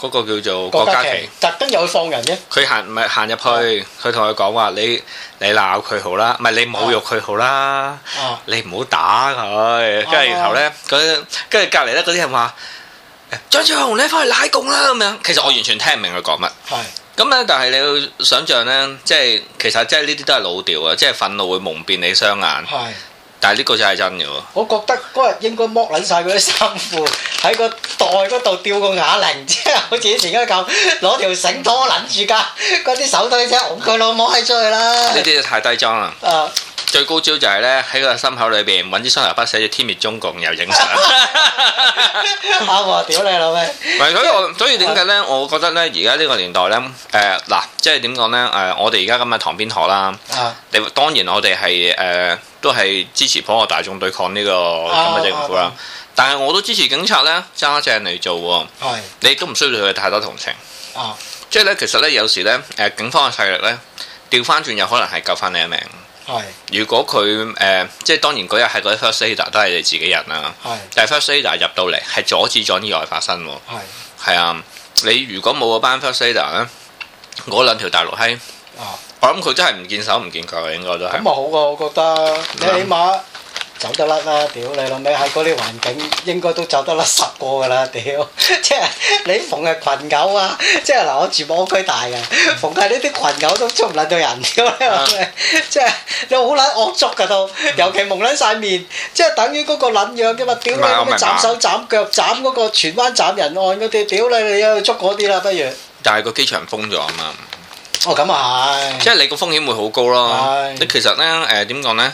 嗰個叫做郭家麒，特登又去放人啫。佢行咪行入去，佢同佢講話：你你鬧佢好啦，唔係你侮辱佢好啦，你唔好打佢。跟住然後咧，佢跟住隔離咧，嗰啲人話張超雄，你翻去拉共啦咁樣。其實我完全聽唔明佢講乜。係咁咧，但係你要想象咧，即係其實即係呢啲都係老調啊，即係憤怒會蒙蔽你雙眼係。但係呢個就係真嘅喎，我覺得嗰日應該剝撚晒佢啲衫褲，喺個袋嗰度吊個啞鈴，即係好似以前咁攞條繩拖撚住㗎，嗰啲手都已經佢老母閪出去啦。呢啲太低章啦，啊、最高招就係咧喺個心口裏邊揾支雙頭筆寫住《天滅中共》又，又影相，嚇我屌你老味。唔，所以所以點解咧？我覺得咧，而家呢個年代咧，誒、呃、嗱，即係點講咧？誒，我哋而家咁嘅塘邊鶴啦，你當然我哋係誒。呃都係支持普羅大眾對抗呢個咁嘅政府啦，啊啊啊、但係我都支持警察咧揸正嚟做喎。是你都唔需要對佢太多同情。哦、啊，即係咧，其實咧有時咧，誒、呃、警方嘅勢力咧，調翻轉有可能係救翻你一命。係是，如果佢誒，即、呃、係、就是、當然嗰日係嗰啲 first aider 都係你自己人啦。是但係 first aider 入到嚟係阻止咗意外發生。係是，係啊，你如果冇嗰班 first aider 咧，嗰兩條大綠閪。哦、啊。咁佢真係唔見手唔見腳啦、啊嗯，應該都係。咁啊好喎，我覺得你起碼走得甩啦，屌你老味，喺嗰啲環境應該都走得甩十個㗎啦，屌！即 係你逢係群狗啊，即係嗱我住寶安區大嘅，逢係呢啲群狗都捉唔撚到人屌你老、啊、即係你好撚惡捉噶到，尤其蒙撚晒面。嗯、即係等於嗰個撚樣噶嘛，屌你！斬手斬腳斬嗰個荃灣斬人案嗰啲，屌，屌你你去捉嗰啲啦不如。 但係個機場封咗啊嘛。哦，咁啊係，即係你個風險會好高咯。是你其實咧，誒、呃，點講咧？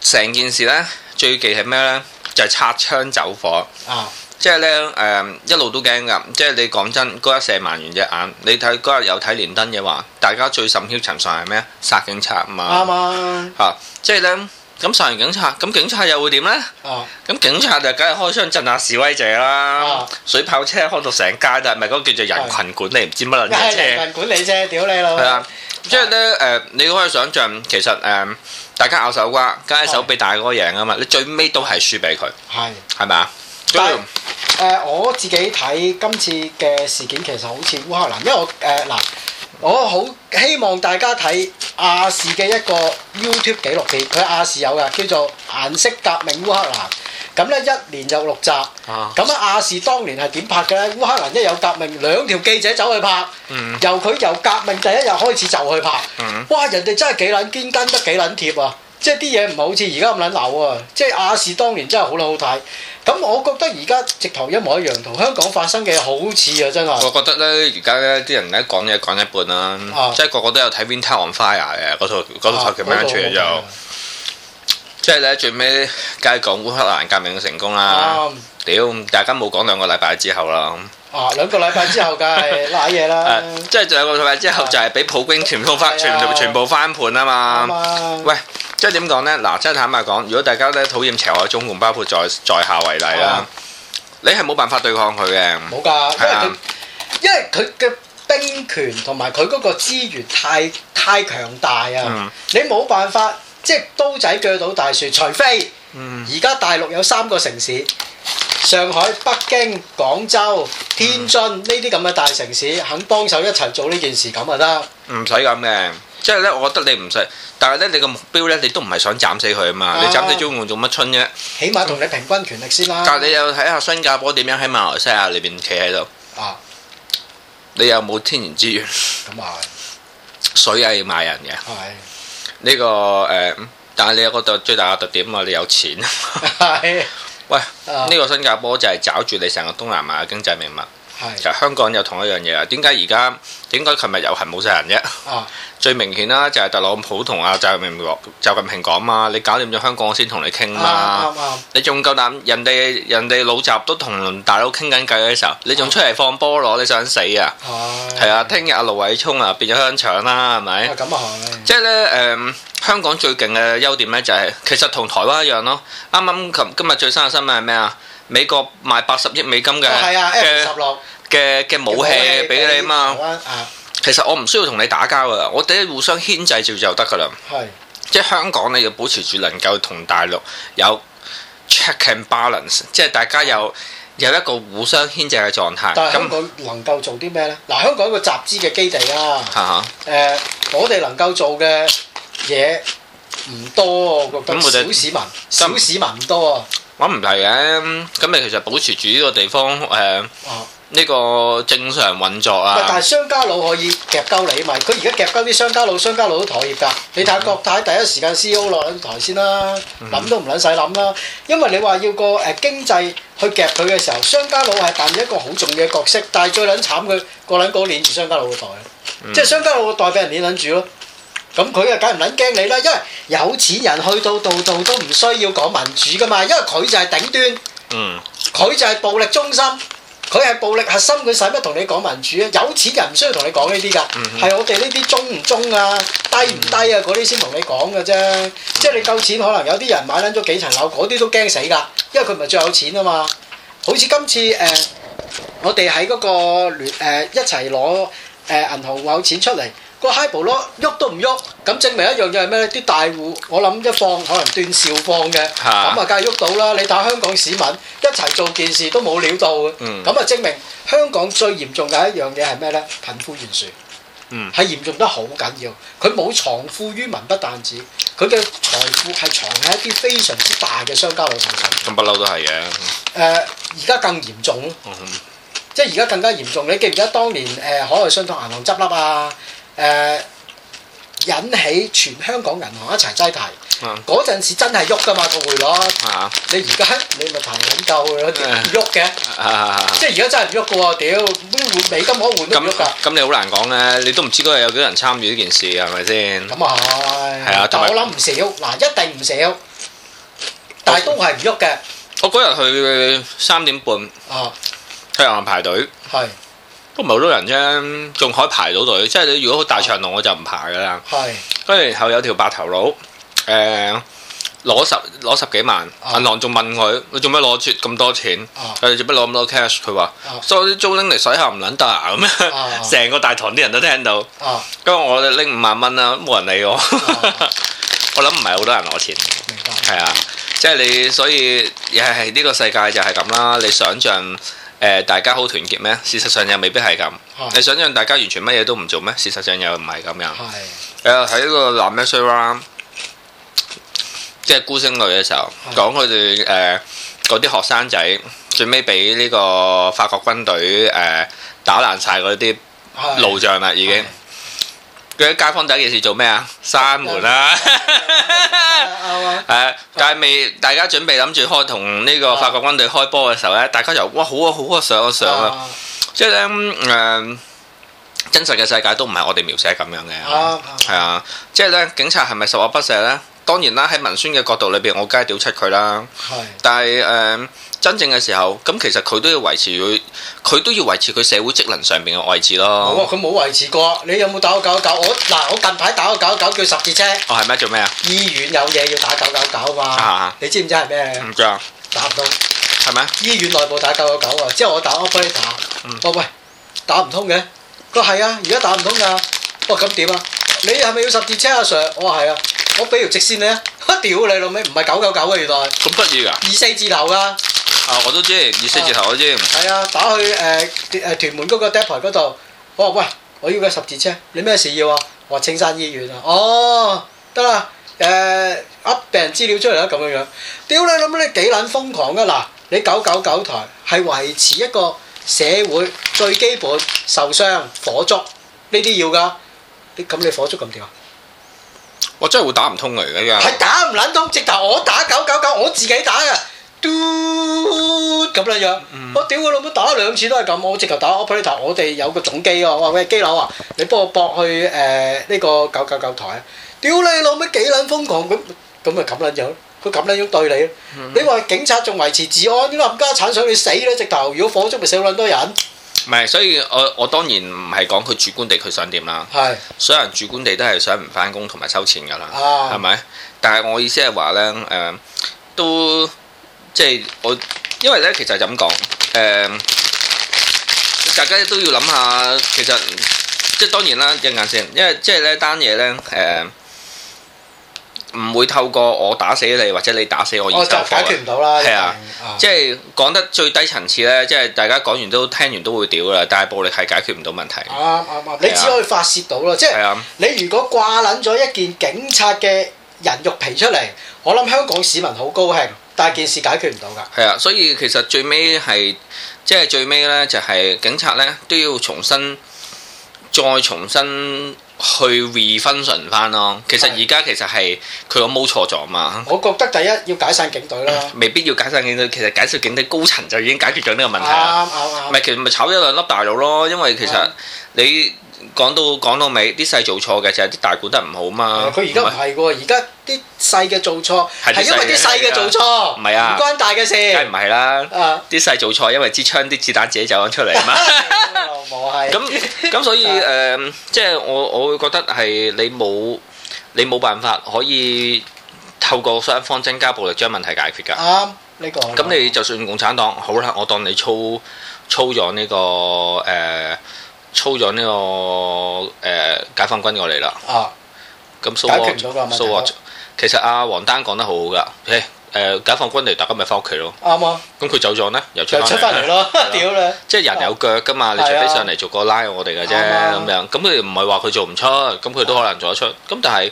成件事咧，最忌係咩咧？就係、是、擦槍走火。哦、啊，即係咧，誒、呃，一路都驚噶。即係你講真，嗰日射萬元隻眼，你睇嗰日有睇連登嘅話，大家最甚囂塵上係咩啊？殺警察嘛。啱啊。吓，即係咧。咁殺完警察，咁警察又會點咧？哦！咁警察就梗係開槍鎮壓示威者啦，水炮車開到成街，但係咪嗰個叫做人群管理唔知乜撚嘢人群管理啫，屌你老！係啊，即係咧誒，你可以想象其實誒，大家拗手瓜，梗係手臂大嗰個贏啊嘛，你最尾都係輸俾佢。係係咪啊？但我自己睇今次嘅事件其實好似烏克蘭，因為我誒嗱。我好希望大家睇亞視嘅一個 YouTube 紀錄片，佢亞視有噶，叫做《顏色革命烏克蘭》。咁咧一年就六集。咁咧亞視當年係點拍嘅咧？烏克蘭一有革命，兩條記者走去拍，嗯、由佢由革命第一日開始就去拍。嗯、哇！人哋真係幾撚堅跟得幾撚貼啊！即係啲嘢唔係好似而家咁撚鬧啊！即係亞視當年真係好撚好睇，咁我覺得而家直頭一模一樣，同香港發生嘅好似啊！真係我覺得咧，而家咧啲人咧講嘢講一半啦，啊、即係個個都有睇 Winter on Fire 嘅嗰套嗰套劇情漫傳就，係即係咧最尾梗係講烏克蘭革命嘅成功啦。啊嗯屌，大家冇講兩個禮拜之後啦。啊，兩個禮拜之後梗係瀨嘢啦。即係就兩個禮拜之後，就係俾普京全部翻，啊、全部全部翻盤啊嘛。啊喂，即係點講咧？嗱、啊，即係坦白講，如果大家咧討厭邪外中共，包括在在下為例啦，啊、你係冇辦法對抗佢嘅。冇噶、啊，因為佢，因為佢嘅兵權同埋佢嗰個資源太太強大啊！嗯、你冇辦法，即係刀仔鋸到大樹，除非，嗯，而家大陸有三個城市。上海、北京、廣州、天津呢啲咁嘅大城市肯幫手一齊做呢件事，咁啊得，唔使咁嘅，即係咧，我覺得你唔使，但係咧，你個目標咧，你都唔係想斬死佢啊嘛，啊你斬死中國做乜春啫？起碼同你平均權力先啦。但係你又睇下新加坡點樣喺馬來西亞裏邊企喺度啊？你有冇天然資源，咁啊，水係要買人嘅，係呢、啊是這個誒、呃，但係你有個特最大嘅特點啊，你有錢是 喂，呢 Hello. 個新加坡就係抓住你成個東南亞嘅經濟命脈。就香港有同一樣嘢啊！點解而家點解琴日遊行冇晒人啫？最明顯啦，就係特朗普同阿習近平、習近平講嘛，你搞掂咗香港我先同你傾嘛。啊啊、你仲夠膽人哋人哋老習都同大佬傾緊偈嘅時候，你仲出嚟放菠蘿？你想死啊！係。係啊，聽日阿盧偉聰啊，變咗香腸啦，係咪？啊，咁啊係。即係咧誒，香港最勁嘅優點咧、就係，就係其實同台灣一樣咯。啱啱琴今日最新嘅新聞係咩啊？美國賣八十億美金嘅 F-16 嘅嘅武器俾你啊嘛，啊其實我唔需要同你打交啊，我哋互相牽制住就得噶啦。係，是的 即係香港你要保持住能夠同大陸有 check and balance，即係大家有有一個互相牽制嘅狀態。但佢那能夠做啲咩咧？嗱，香港一個集資嘅基地啊哈，誒、呃，我哋能夠做嘅嘢唔多，咁小市民，這麼 小市民唔多啊。咁唔係嘅，咁你其實保持住呢個地方誒呢、呃啊、個正常運作啊。但係商家佬可以夾鳩你咪，佢而家夾鳩啲商家佬，商家佬都妥協㗎。你睇下國泰第一時間 CEO 落台先啦，諗都唔撚使諗啦。因為你話要個誒、呃、經濟去夾佢嘅時候，商家佬係扮演一個好重要嘅角色，但係最撚慘佢個撚哥捏住商家佬嘅袋，嗯、即係商家佬嘅袋俾人捏撚住咯。咁佢又梗唔撚驚你啦，因為有錢人去到度度都唔需要講民主噶嘛，因為佢就係頂端，佢、嗯、就係暴力中心，佢係暴力核心，佢使乜同你講民主啊？有錢人唔需要同你講呢啲噶，係、嗯、哼我哋呢啲中唔中啊、低唔低啊嗰啲先同你講噶啫。即係你夠錢，可能有啲人買撚咗幾層樓，嗰啲都驚死噶，因為佢唔係最有錢啊嘛。好似今次誒、呃，我哋喺嗰個聯、呃、一齊攞誒銀行有錢出嚟。個 h i g h 咯，喐都唔喐，咁證明一樣嘢係咩咧？啲大戶，我諗一放可能斷少放嘅，咁啊梗係喐到啦。你打香港市民一齊做一件事都冇料到嘅，咁啊、嗯、證明香港最嚴重嘅一樣嘢係咩咧？貧富懸殊，係、嗯、嚴重得好緊要。佢冇藏富於民不單止，佢嘅財富係藏喺一啲非常之大嘅商家老細層。咁不嬲都係嘅。誒、呃，而家更嚴重，嗯、即係而家更加嚴重。你記唔記得當年誒海外信託銀行執笠啊？誒引起全香港銀行一齊擠提，嗰陣時真係喐噶嘛個匯率，你而家你咪排緊夠嘅，唔喐嘅，即係而家真係唔喐嘅喎，屌換美金可換都唔喐噶。咁你好難講咧，你都唔知嗰日有幾多人參與呢件事係咪先？咁啊係，但係我諗唔少，嗱一定唔少，但係都係唔喐嘅。我嗰日去三點半，啊，去銀行排隊。係。都唔係好多人啫，仲可以排到隊。即係你如果好大長龍，我就唔排噶啦。係。跟住後有條白頭佬，誒、呃、攞十攞十幾萬，阿郎仲問佢：你做咩攞住咁多錢？誒做咩攞咁多 cash？佢話收啲租拎嚟水下唔撚得咁樣，成 個大堂啲人都聽到。跟住、啊、我我拎五萬蚊啦，冇人理我。 我諗唔係好多人攞錢。明白。係啊，即、就、係、是、你，所以亦係呢個世界就係咁啦。你想象。誒、呃、大家好團結咩？事實上又未必係咁。哦、你想象大家完全乜嘢都唔做咩？事實上又唔係咁樣。係誒喺個《拿破崙》即係孤星淚嘅時候，講佢哋誒嗰啲學生仔最尾俾呢個法國軍隊誒、呃、打爛晒嗰啲路障啦，的已經。佢喺街坊第一件事做咩啊？閂門啦！係，但係未大家準備諗住開同呢個法國軍隊開波嘅時候咧，大家就哇好啊好啊上啊上啊！啊即係咧誒，真實嘅世界都唔係我哋描寫咁樣嘅，係啊！啊啊即係咧，警察係咪十惡不赦咧？當然啦，喺文宣嘅角度裏邊，我梗係屌柒佢啦。的但係誒。嗯真正嘅時候，咁其實佢都要維持佢，佢都要維持佢社會職能上面嘅位置咯。冇啊，佢冇維持過。你有冇打過九九九？我嗱，我近排打過九九九叫十字車。哦，係咩做咩啊？醫院有嘢要打九九九嘛？你知唔知係咩？唔知啊。打唔通。係咪？醫院內部打九九九啊！之後我打，我幫你打。嗯。哦，喂，打唔通嘅。佢係啊，而家打唔通㗎。哦，咁點啊？你係咪要十字車啊，Sir？我話係啊，我俾條直線你啊。屌你老尾，唔係九九九啊，原來。咁得意㗎？二四字頭㗎。啊！我都知，二四字頭嘅啫。係啊，打去誒誒屯門嗰個 depot 嗰度。我話喂，我要個十字車，你咩事要啊？我話青山醫院啊。哦，得啦。誒，呃病人資料出嚟啦，咁樣樣。屌你，咁你幾撚瘋狂噶？嗱，你九九九台係維持一個社會最基本受傷、火燭呢啲要噶。你咁你火燭咁點啊？我真係會打唔通嚟嘅依家。係打唔撚通，直頭我打九九九，我自己打嘅。嘟咁樣、啊、樣，我屌佢老母打咗兩次都係咁，我直頭打 operator，我哋有個總機喎，我話喂，機樓啊，你幫我駁去誒呢、呃這個九九九台啊！屌你老母幾撚瘋狂，咁咁咪咁撚樣，佢咁撚樣對你，你話警察仲維持治安咁，冚家鏟上去死咧，直頭如果火燭咪死好撚多人。唔係，所以我我當然唔係講佢主觀地佢想點啦，是所有人主觀地都係想唔翻工同埋收錢噶啦，係咪、啊？但係我意思係話咧誒都。即係我，因為咧，其實就咁講，誒，大家都要諗下，其實即係當然啦，一眼先，因為即係呢單嘢咧，誒，唔會透過我打死你或者你打死我而就解決唔到啦。係啊，即係講得最低層次咧，即係大家講完都聽完都會屌啦。但係暴力係解決唔到問題。啱啱啱，你只可以發泄到啦。即係你如果掛撚咗一件警察嘅人肉皮出嚟，我諗香港市民好高興。大件事解決唔到㗎，係啊，所以其實最尾係即係最尾咧，就係、是、警察咧都要重新再重新去 refashion 翻咯。其實而家其實係佢個冇錯咗啊嘛。我覺得第一要解散警隊啦，嗯，未必要解散警隊。其實解散警隊高層就已經解決咗呢個問題啦。啱啱啱，唔、啊、係、啊啊、其實咪炒咗兩粒大佬咯。因為其實、啊、你。講到講到尾，啲細做錯嘅就係啲大管得唔好嘛。佢而家唔係喎，而家啲細嘅做錯係因為啲細嘅做錯，唔係啊，唔關大嘅事。梗唔係啦，啲細、啊、做錯因為支槍啲子彈自己走咗出嚟嘛。冇係。咁咁所以誒，即、uh, 係我我會覺得係你冇你冇辦法可以透過雙方增加暴力將問題解決噶。啱、嗯，呢個。咁你就算共產黨好啦，我當你操操咗呢、這個誒。嗯操咗呢、這個誒、呃、解放軍過嚟啦，啊，咁<那 >so what，so what。其實阿、啊、黃丹講得好好㗎。誒、解放軍嚟，大家咪返屋企咯。啱啊！咁佢走咗咧，又出翻嚟咧。又出翻嚟咯！屌你！即係人有腳噶嘛？你除非上嚟逐個拉我哋嘅啫咁樣。咁佢唔係話佢做唔出，咁佢都可能做得出。咁但係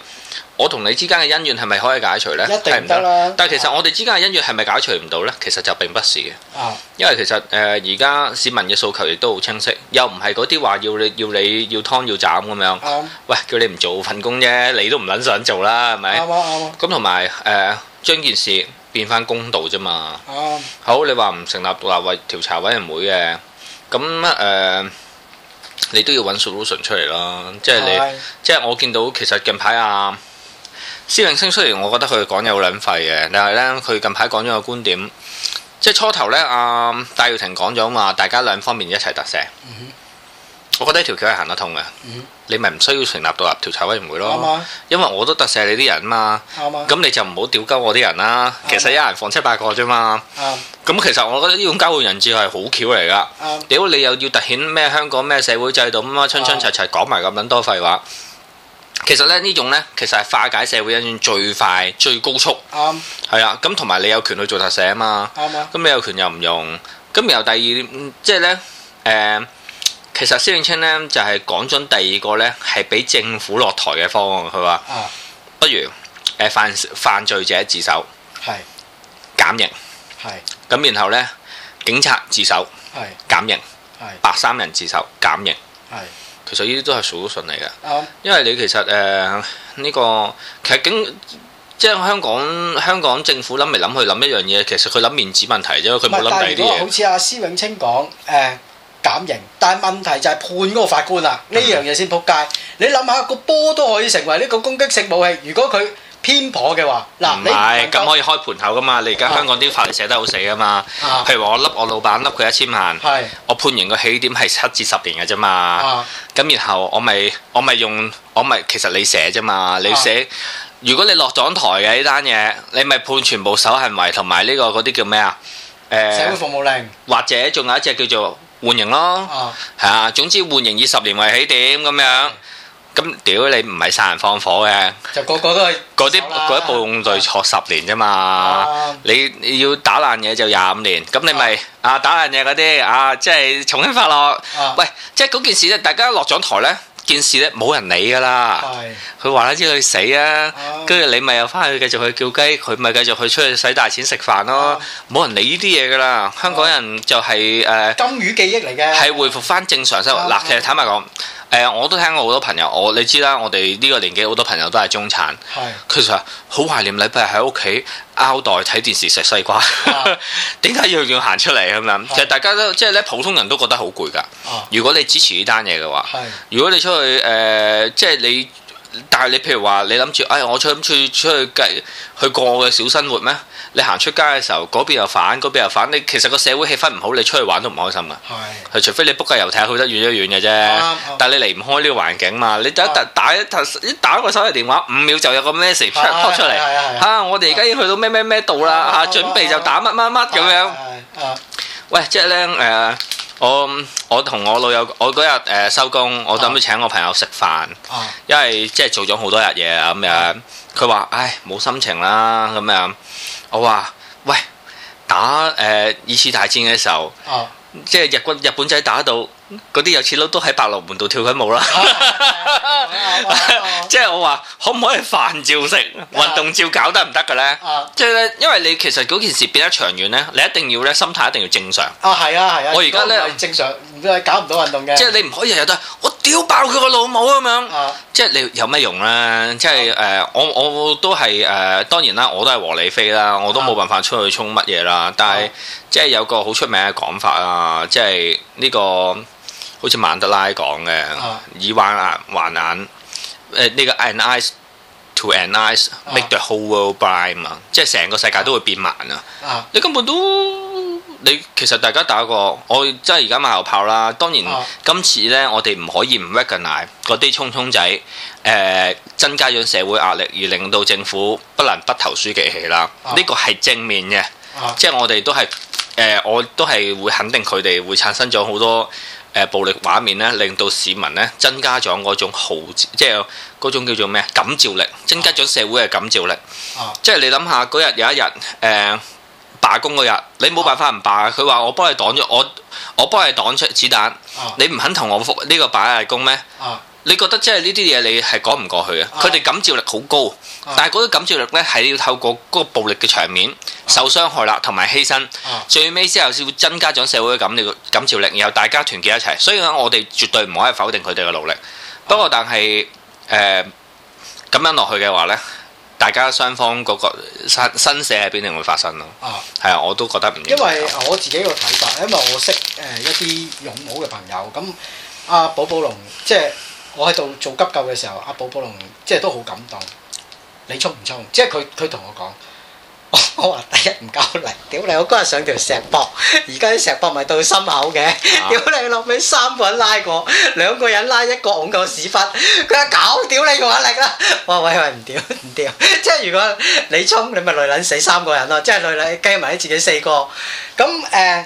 我同你之間嘅恩怨係咪可以解除呢？一定唔得啦！但係其實我哋之間嘅恩怨係咪解除唔到呢？其實就並不是嘅。啊！因為其實誒而家市民嘅訴求亦都好清晰，又唔係嗰啲話要你要你要劏要斬咁樣。啱。喂，叫你唔做份工啫，你都唔捻想做啦，係咪？啱啊！啱啊！咁同埋誒。將件事變翻公道啫嘛，嗯、好你話唔成立獨立調查委員會嘅，咁誒、呃、你都要揾 solution 出嚟咯，即係你、嗯、即係我見到其實近排啊，施永星出嚟，我覺得佢講有兩廢嘅，但係呢，佢近排講咗個觀點，即係初頭呢，阿、啊、戴耀廷講咗話，大家兩方面一齊特赦。嗯我覺得一條橋係行得通嘅，你咪唔需要成立獨立調查委員會咯。啱啊！因為我都特赦你啲人啊嘛。啱啊！咁你就唔好屌鳩我啲人啦。其實一人放七八個啫嘛。啊！咁其實我覺得呢種交換人質係好巧嚟噶。啊！屌你又要特顯咩香港咩社會制度啊嘛？槍槍齊齊講埋咁撚多廢話。其實咧呢種咧其實係化解社會恩怨最快最高速。啱。係啊，咁同埋你有權去做特赦啊嘛。啱啊！咁你有權又唔用，咁然後第二點即係咧誒。其實施永青咧，就係講咗第二個咧，係俾政府落台嘅方案，佢話，不如誒，犯犯罪者自首，係減刑，係咁然後咧，警察自首，係減刑，係白衫人自首減刑，係其實呢啲都係數信嚟嘅，因為你其實誒呢個其實警即係香港香港政府諗嚟諗去諗一樣嘢，其實佢諗面子問題啫，佢冇諗第二啲嘢，好似阿施永青講誒。減刑，但係問題就係判嗰個法官啊，呢、嗯、樣嘢先仆街。你諗下、個波都可以成為呢個攻擊性武器，如果佢偏頗嘅話，嗱唔係咁可以開盤口噶嘛？你而家香港啲法律寫得好死噶嘛？啊、譬如話我笠我老闆笠佢一千萬，是我判刑嘅起點係七至十年嘅啫嘛。咁、啊、然後我咪我咪用我咪其實你寫啫嘛，你寫、啊、如果你落咗台嘅呢單嘢，你咪判全部守行為同埋呢個嗰啲叫咩啊？誒、呃、社會服務令或者仲有一隻叫做。換刑咯，係啊，總之換刑以十年為起點咁樣，咁的屌你唔係殺人放火嘅，就個個都係嗰啲嗰啲暴動罪坐十年啫嘛，你些要打爛嘢就廿五年，咁你咪啊，啊打爛嘢嗰啲啊，即係重新發落，啊、喂，即係嗰件事咧，大家落咗台呢。件事咧冇人理噶啦，佢話啦之佢死啊，跟住，啊、你咪又翻去繼續去叫雞，佢咪繼續去出去使大錢食飯咯，啊、冇、啊、人理呢啲嘢噶啦，香港人就係、是、誒、啊呃、金魚記憶嚟嘅，係回復翻正常生活。嗱，啊、啊、其實坦白講。誒、呃，我都聽過好多朋友，我你知啦，我哋呢個年紀好多朋友都係中產，是其實好懷念禮，禮拜日喺屋企拗袋睇電視食西瓜，點解，啊、 要要行出嚟咁樣？其實是大家都即係咧，就是，普通人都覺得好攰㗎。啊、如果你支持呢單嘢嘅話，是如果你出去誒，即、呃、係、就是、你。但係你譬如話你諗住，哎，我出咁出出去計去過嘅小生活咩？你行出街嘅時候，嗰邊又反，嗰邊又反。你其實個社會氣氛唔好，你出去玩都唔開心啊。係，除非你 book 個遊艇去得遠一遠嘅啫。但係你離唔開呢個環境嘛。你打打打一打個手提電話，五秒就有個 message 出嚟。吓，我哋而家已經去到咩咩咩度啦。吓，準備就打乜乜乜咁樣。喂，即係咧，誒。我我同我老友，我嗰日誒收工，我諗住請我朋友食飯，啊、因為即係做咗好多日嘢咁誒，佢話：唉，冇心情啦咁樣。我話：喂，打誒、呃、二次大戰嘅時候，啊、即係日軍日本仔打到。嗰啲有錢佬都喺百樂門度跳緊舞啦，啊，即、啊、係、啊啊、 我話可唔可以飯照食，運動照搞得唔得嘅咧？即係咧，因為你其實嗰件事變得長遠咧，你一定要咧心態一定要正常。啊，係啊，係啊。我而家咧正常，搞唔到運動嘅。即係你唔可以日日都我屌爆佢個老母咁樣。即係、啊、う你有咩用咧？即係誒，我我都係誒，當然啦，我都係和理非啦，我都冇辦法出去衝乜嘢啦。但係即係有個好出名嘅講法啊，即係呢個。就是這個好似曼德拉講嘅，以眼還眼、眼還眼誒呢、呃這個 an eye to an eye make the whole world blind 嘛，啊、即係成個世界都會變盲。啊！你根本都你其實大家打過我真係而家馬後炮啦。當然、啊、今次咧，我哋唔可以唔 recognize 嗰啲衝衝仔誒、呃、增加咗社會壓力而令到政府不能不投鼠忌器啦。呢、啊、個係正面嘅，即係我哋都係誒、呃，我都係會肯定佢哋會產生咗好多。呃、暴力畫面咧，令到市民咧增加咗嗰種號，即係嗰種叫做咩？感召力，增加咗社會嘅感召力。啊、即係你諗下嗰日有一日誒罷工嗰日，你冇辦法唔罷，佢話我幫你擋咗我，我幫你擋出子彈，啊、你唔肯同我服呢個罷嗌工咩？啊你覺得即係呢啲嘢，你係講唔過去嘅。佢哋、啊、感召力好高，啊、但係嗰啲感召力呢係要透過嗰個暴力嘅場面、啊、受傷害啦，同埋犧牲，啊、最尾之後有少少增加咗社會嘅感召力，然後大家團結一齊。所以我哋絕對唔可以否定佢哋嘅努力。啊、不過但，但係誒咁樣落去嘅話呢，大家雙方嗰個生生死係必定會發生咯？啊，係啊，我都覺得唔因為我自己個睇法，因為我識誒一啲勇武嘅朋友咁，阿寶寶龍即係。即即我喺度做急救嘅時候，阿寶寶龍即係都好感動。你衝唔衝？即係佢佢同我講，我我話第一唔夠力，屌你！我嗰日上條石壆，而家啲石壆咪到心口嘅。屌你落尾三個人拉過，兩個人拉一個，五個屎忽。佢話搞，屌你用下力啦！我話喂喂唔屌唔屌，即係如果你衝，你咪累撚死三個人咯。即係累撚計埋你自己四個。咁誒，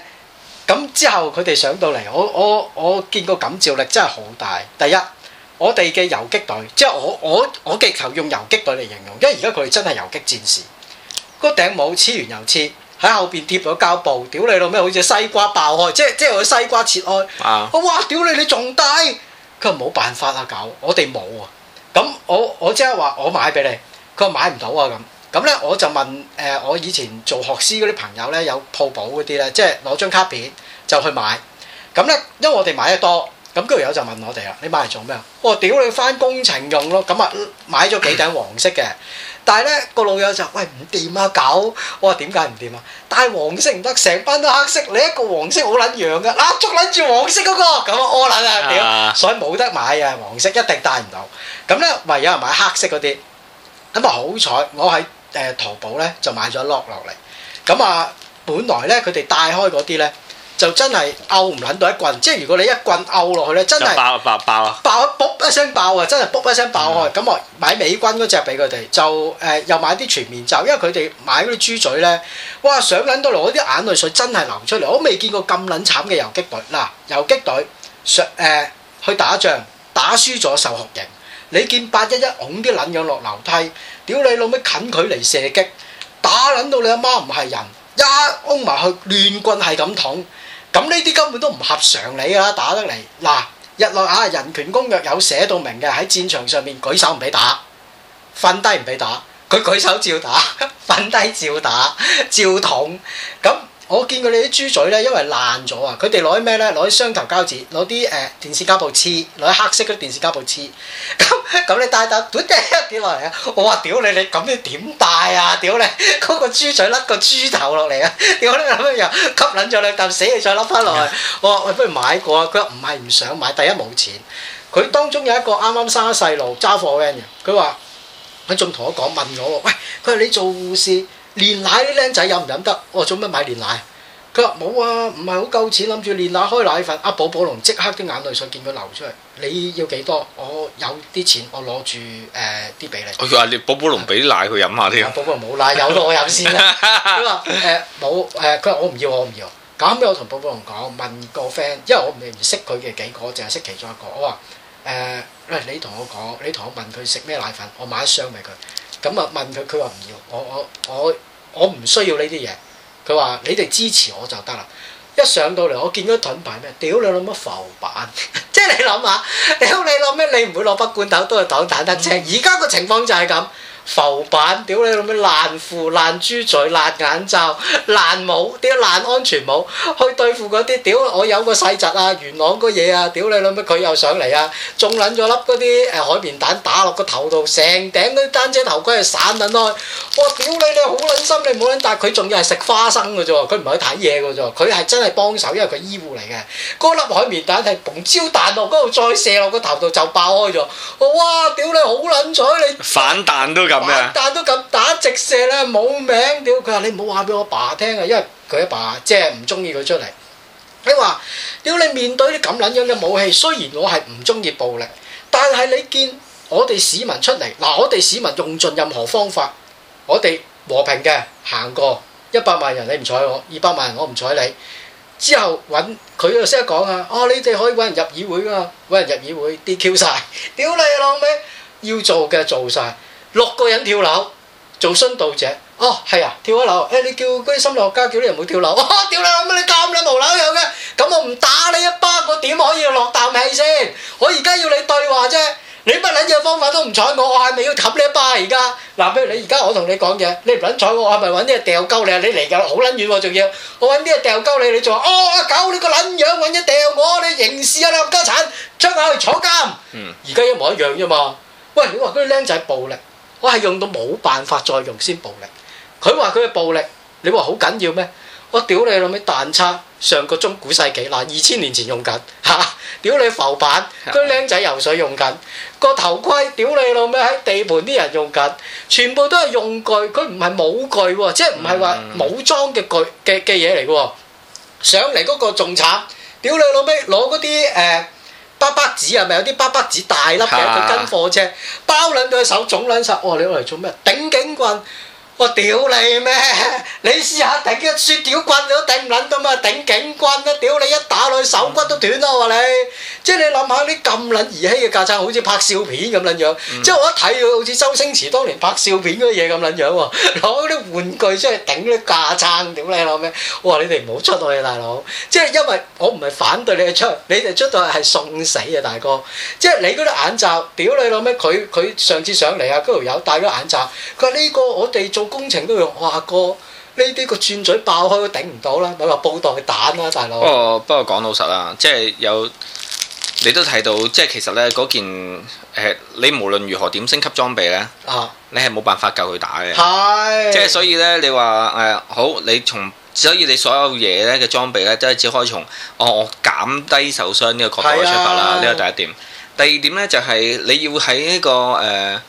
咁之後佢哋上到嚟，我我我見個感召力真係好大。第一。我哋嘅游擊隊，即係我我我嘅球用游擊隊嚟形容，因為而家佢哋真係游擊戰士，嗰頂帽黐完又黐，喺後邊貼咗膠布，屌你老咩，好似西瓜爆開，即係即係去西瓜切開，我、啊、哇屌你，你仲大，佢話冇辦法啊，搞我哋冇啊，咁我我即係話我買俾你，佢話買唔到啊咁，咁咧我就問誒、呃、我以前做學師嗰啲朋友咧，有鋪補嗰啲咧，即係攞張卡片就去買，咁咧因為我哋買得多。咁嗰條友就問我哋啦：你買嚟做咩啊？我話：屌你返工程用咯。咁啊買咗幾頂黃色嘅，但係咧個老友就：喂唔掂啊，狗！我話點解唔掂啊？戴黃色唔得，成班都黑色，你一個黃色好撚樣嘅，嗱捉撚住黃色嗰個，咁啊屙撚啊屌！所以冇得買啊，黃色一定戴唔到。咁咧，咪有人買黑色嗰啲，咁啊好彩，我喺誒淘寶咧就買咗落落嚟。咁啊，本來咧佢哋戴開嗰啲咧。就真係拗唔撚到一棍，即係如果你一棍拗落去咧，真係爆爆爆啊！爆，卜一聲爆啊！真係卜一聲爆開。咁我買美軍嗰隻俾佢哋，就誒又買啲全面罩，因為佢哋買嗰啲豬嘴咧，哇！上撚到落啲眼淚水真係流出嚟，我未見過咁撚慘嘅遊擊隊。嗱，遊擊隊上誒去打仗，打輸咗受酷刑。你見八一一擁啲撚樣落樓梯，屌你老味近距離射擊，打撚到你阿媽唔係人，一擁埋去亂棍係咁捅。咁呢啲根本都唔合常理啦！打得嚟嗱，日內瓦人權公約有寫到明嘅，喺戰場上面舉手唔俾打，瞓低唔俾打，佢舉手照打，瞓低照打，照捅咁。我見過你啲豬嘴咧，因為爛咗啊！佢哋攞啲咩咧？攞啲雙頭膠紙，攞啲誒電視膠布黐，攞啲黑色嗰啲電視膠布黐。咁咁咧，戴戴嘟跌落嚟啊！我話屌你，你咁你點戴啊？屌你，嗰個豬嘴甩個豬頭落嚟啊！屌你咁樣樣，吸撚咗兩啖死，你再甩翻落去。麼我話喂，不如買個啊！佢話唔係唔想買，第一冇錢。佢當中有一個啱啱生咗細路，揸貨 van 嘅。佢話佢仲同我講問我，喂，佢話你做護士。煉奶啲靚仔飲唔飲得？我做乜買煉奶？佢話冇啊，唔係好夠錢，諗住煉奶開奶粉。阿寶寶龍即刻啲眼淚水見佢流出嚟。你要幾多？我有啲錢，我攞住誒啲俾你。我話你寶寶龍俾啲奶佢飲下添。寶寶龍冇奶有都我飲先啦。佢話誒冇誒，佢話我唔要我唔要。咁我同寶寶龍講問個 friend，因為我唔唔識佢嘅幾個，淨係識其中一個。我話誒，你同我講，你同我問佢食咩奶粉，我買一箱俾佢。咁啊問佢，佢話唔要，我我我我唔需要呢啲嘢。佢話你哋支持我就得啦。一上到嚟，我見到盾牌咩？屌你攞乜浮板？ 即係你諗下，屌你攞咩？你唔會攞筆罐頭都係擋彈得啫。而家個情況就係咁。浮板，屌你老母爛褲爛豬嘴爛眼罩爛帽，啲爛安全帽去對付嗰啲屌！我有個細侄啊，元朗嗰嘢啊，屌你老母佢又上嚟啊，中撚咗粒嗰啲誒海綿彈打落個頭度，成頂嗰啲單車頭盔係散撚開。我屌你，你好撚心，你冇撚但佢仲要係食花生嘅啫，佢唔係去睇嘢嘅啫，佢係真係幫手，因為佢醫護嚟嘅。嗰粒海綿彈係紅蕉彈落嗰度，再射落個頭度就爆開咗。我哇，屌你，好撚彩你！反彈都～但都咁打直射啦，冇名屌佢，話你唔好話俾我爸聽啊，因為佢阿爸即係唔中意佢出嚟。你話屌你面對啲咁捻樣嘅武器，雖然我係唔中意暴力，但係你見我哋市民出嚟嗱，我哋市民用盡任何方法，我哋和平嘅行過一百萬人，你唔睬我，二百萬人我唔睬你。之後搵佢就識得講啊，哦你哋可以搵人入議會噶嘛，搵人入議會 DQ 曬，屌你老尾，要做嘅做晒。六個人跳樓做殉道者哦，係啊，跳咗樓誒，你叫嗰啲心理學家叫啲人唔好跳樓，哇，跳樓乜你咁撚無賴樣嘅，咁我唔打你一巴，我點可以落啖氣先？我而家要你對話啫，你乜撚嘢方法都唔睬我，我係咪要冚你一巴而家？嗱你你而家我同你講嘢，你唔撚睬我係咪揾啲嘢掉鳩你啊？你嚟㗎好撚遠喎，仲要我揾啲嘢掉鳩你，你仲話哦啊狗你個撚樣揾嘢掉我，你刑事啊冚家產出外去坐監，嗯，而家一模一樣啫嘛。喂，你話嗰啲僆仔暴力。我係用到冇辦法再用先暴力，佢話佢嘅暴力，你話好緊要咩？我屌你老味彈叉，上個中古世紀嗱二千年前用緊嚇，屌你浮板，佢僆仔游水用緊個頭盔，屌你老味喺地盤啲人用緊，全部都係用具，佢唔係武具喎，即係唔係話武裝嘅具嘅嘅嘢嚟嘅喎，上嚟嗰個仲慘，屌你老味攞嗰啲誒。巴巴紙係咪有啲巴巴紙大粒嘅，佢跟貨車包撚到隻手腫撚曬，哦你攞嚟做咩？頂警棍！我屌你咩？你試下頂個雪條棍都頂唔撚㗎嘛？頂警棍都屌你一打落去手骨都斷咗喎你！即係你諗下啲咁撚兒戲嘅架撐，好似拍笑片咁撚樣。即係我一睇佢好似周星馳當年拍笑片嗰啲嘢咁撚樣喎，攞啲玩具出去頂啲架撐，屌你老咩？我話你哋唔好出到去，大佬。即係因為我唔係反對你哋出，你哋出到去係送死啊，大哥！即係你嗰啲眼罩，屌你老咩？佢佢上次上嚟啊，嗰條友戴咗眼罩，佢話呢個我哋做。工程都用哇哥，呢啲個轉嘴爆開都頂唔到啦！你、啊、話布袋彈啦、啊、大佬。哦，不過講老實啊，即係有你都睇到，即係其實咧嗰件誒、呃，你無論如何點升級裝備咧，啊，你係冇辦法夠佢打嘅。係是。即係所以咧，你話誒、呃、好，你從所以你所有嘢咧嘅裝備咧，都係只可以從哦，我減低受傷呢個角度出發啦。呢個、啊、第一點。第二點咧就係你要喺呢個誒。呃呃呃呃呃呃呃呃嗯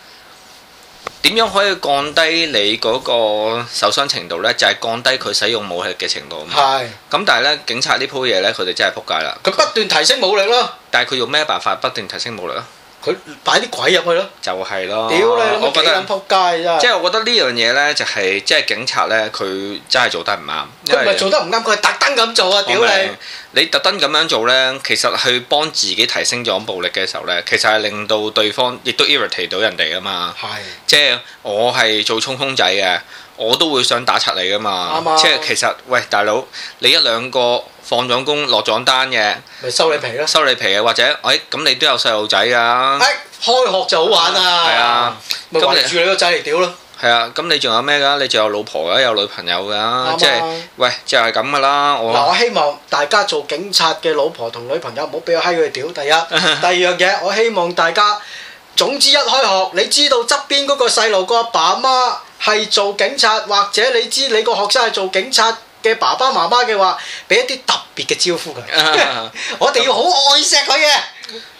點樣可以降低你嗰個受傷程度呢？就係、係、降低佢使用武力嘅程度啊！咁係但係呢，警察呢鋪嘢呢，佢哋真係仆街啦！佢不斷提升武力咯。但係佢用咩辦法不斷提升武力啊？佢擺啲鬼入去咯，就係咯。屌你，我咁鬼撲街真係。即係我覺得呢樣嘢呢，就係即係警察呢，佢真係做得唔啱。佢唔係做得唔啱，佢係特登咁做啊！屌你，你特登咁樣做呢，其實去幫自己提升咗暴力嘅時候呢，其實係令到對方亦都 irritate 到人哋啊嘛。係的。即係我係做衝鋒仔嘅。我都會想打柒你噶嘛，吧即係其實喂，大佬你一兩個放咗工落咗單嘅，咪收你皮咯，收你皮啊！或者，哎咁你都有細路仔噶，哎開學就好玩啊，係啊，咪圍住你個仔嚟屌咯，係啊！咁你仲、啊、有咩噶？你仲有老婆噶、啊，有女朋友噶、啊，吧即係喂就係咁噶啦。嗱，我希望大家做警察嘅老婆同女朋友唔好俾個閪佢屌。第一， 第二樣嘢，我希望大家總之一開學，你知道側邊嗰個細路個阿爸阿媽係做警察，或者你知你個學生係做警察嘅爸爸媽媽嘅話，俾一啲特別嘅招呼佢。 我哋要好愛錫佢嘅。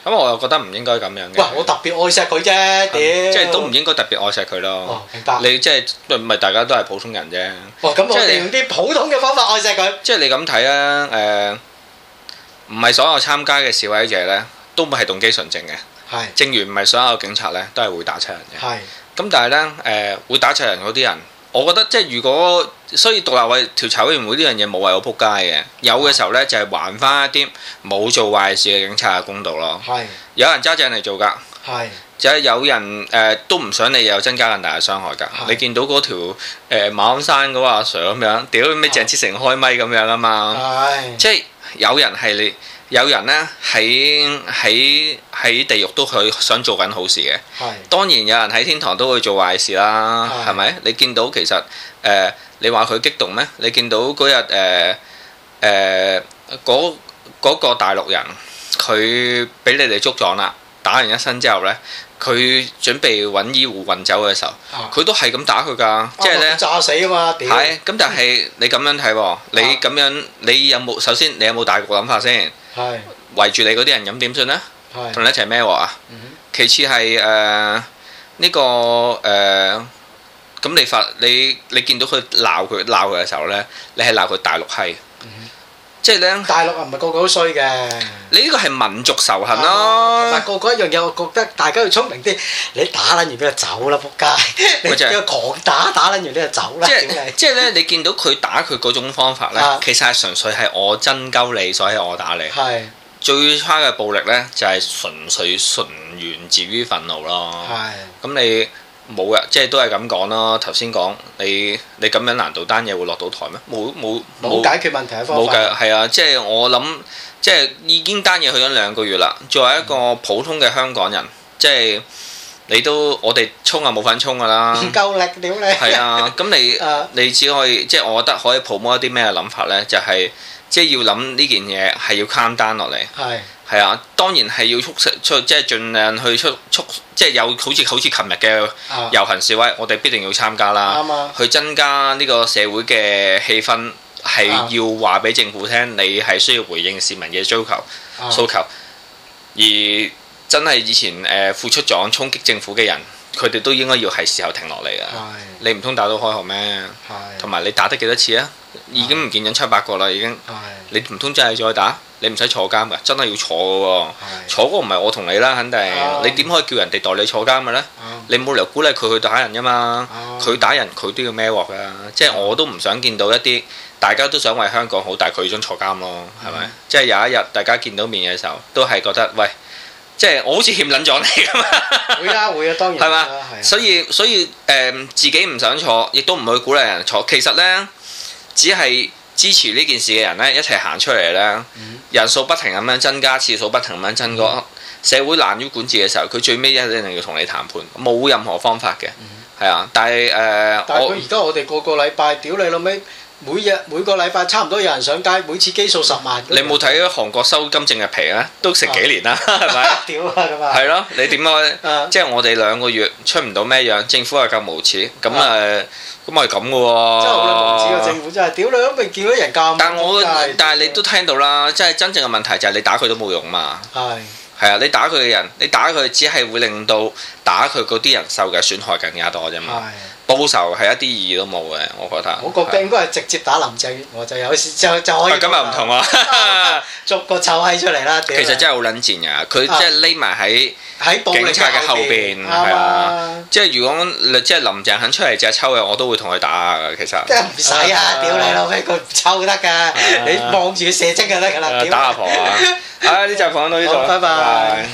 咁、啊、我又覺得唔應該咁樣嘅。喂，我特別愛錫佢啫，點？即係都唔應該特別愛錫佢咯。明白。你即係咪大家都係普通人啫？哦，咁我用啲普通嘅方法愛錫佢。即係你咁睇啊？誒、呃，唔係所有參加嘅示威者呢，都唔係動機純正嘅。係是。正如唔係所有警察呢，都係會打親人嘅。係。咁但係咧，誒、呃、會打錯人嗰啲人，我覺得即係如果，所以獨立委調查委員會呢樣嘢冇係我仆街嘅，有嘅時候咧就係、是、還翻一啲冇做壞事嘅警察嘅公道咯。係，是 有人揸正嚟做㗎。係，是 即係有人誒、呃、都唔想你有增加更大嘅傷害㗎。是 你見到嗰條誒、呃、馬鞍山嗰個阿 Sir 咁樣屌咩鄭智成開咪咁樣啊嘛。係，是 嗯、即係有人係你。有人呢，喺喺喺地獄都佢想做緊好事嘅，的當然有人喺天堂都會做壞事啦，係咪的？你見到其實誒、呃，你話佢激動咩？你見到嗰日誒誒嗰個大陸人，佢俾你哋捉咗啦，打完一身之後呢，佢準備揾醫護運走嘅時候，佢的都係咁打佢㗎，即係呢炸死啊嘛！係咁，但係你咁樣睇、哦，你咁樣你有冇首先你有冇大局諗法先？係圍住你嗰啲人飲點算呢？同的你一齊咩喎啊？嗯、哼其次係誒呢個誒咁、呃、你發你你見到佢鬧佢鬧佢嘅時候呢，你係鬧佢大陸閪。即係咧，大陸係唔係個個都衰嘅？你呢個係民族仇恨咯。同埋、啊、個個一樣嘢，我覺得大家要聰明啲。你打撚完佢就走啦，仆街！你狂、就是、打打撚完你就走啦。即係即係咧，你見到佢打佢嗰種方法咧， 其實係純粹係我爭鳩你，所以我打你。係是最差嘅暴力咧，就係、是、純粹純源自於憤怒咯。係咁是你。冇嘅，即係都係咁講啦。頭先講你你，咁樣難道單嘢會落到台咩？冇冇冇解決問題方法。冇嘅，係啊，即係我諗，即係已經單嘢去咗兩個月啦。作為一個普通嘅香港人，即係你都，我哋衝啊冇份衝噶啦。夠力屌你！係 啊，咁你 你只可以，即係我覺得可以 promote 一啲咩諗法咧？就係、是、即係要諗呢件嘢係要慳單落嚟。係。係啊，當然係要促促，即係盡量去促促，即係有好似好似琴日嘅遊行示威，我哋必定要參加啦。去增加呢個社會嘅氣氛，係要話俾政府聽，你係需要回應市民嘅追求訴求。而真係以前誒、呃、付出咗衝擊政府嘅人。佢哋都應該要係時候停落嚟啊！你唔通打到開學咩？同埋你打得幾多次啊？已經唔見緊七八個啦，已經。你唔通真係再打？你唔使坐監㗎，真係要坐嘅喎。坐嗰唔係我同你啦，肯定。你點可以叫人哋代你坐監㗎呢？你冇理由鼓勵佢去打人㗎嘛。佢打人佢都要孭鑊㗎，即係我都唔想見到一啲大家都想為香港好，但係佢想坐監咯，係咪？即係有一日大家見到面嘅時候，都係覺得喂。即係我好似欠撚咗你咁啊！會啦，會啊，當然係嘛吧是、啊。所以所以誒，自己唔想坐，亦都唔會鼓勵人坐。其實咧，只係支持呢件事嘅人咧，一齊行出嚟咧，嗯、人數不停咁樣增加，次數不停咁樣增加。嗯、社會難於管治嘅時候，佢最尾一定要同你談判，冇任何方法嘅。係、嗯、啊，但係誒，呃、但我而家我哋個個禮拜屌你老尾！每日每個禮拜差唔多有人上街，每次基數十萬。你冇睇韓國收金正日皮啊？都成幾年啦，係咪、啊吧？屌 啊咁啊！係咯，你點解？啊、即係我哋兩個月出唔到咩樣，政府係夠無恥，咁誒、啊，咁係咁嘅喎。真係無恥啊！政府真係，屌你都未見到人金。但係我，但係你都聽到啦，即係真正嘅問題就係你打佢都冇用嘛。係係啊，你打佢嘅人，你打佢只係會令到打佢嗰啲人受嘅損害更加多啫嘛。報仇係一啲意義都冇嘅，我覺得。我個兵應該係直接打林鄭月娥，我就有事就可以。咁啊唔同喎，捉個臭閪出嚟啦。其實真係好撚賤噶，佢即係匿埋喺喺警察嘅後邊，係啊。即係如果即係林鄭肯出嚟隻抽嘅，我都會同佢打噶。其實。即係唔使啊！屌你老味，佢唔抽得噶，你望住佢射精就得噶啦。打阿婆啊！啊呢隻放喺度，呢度拜拜。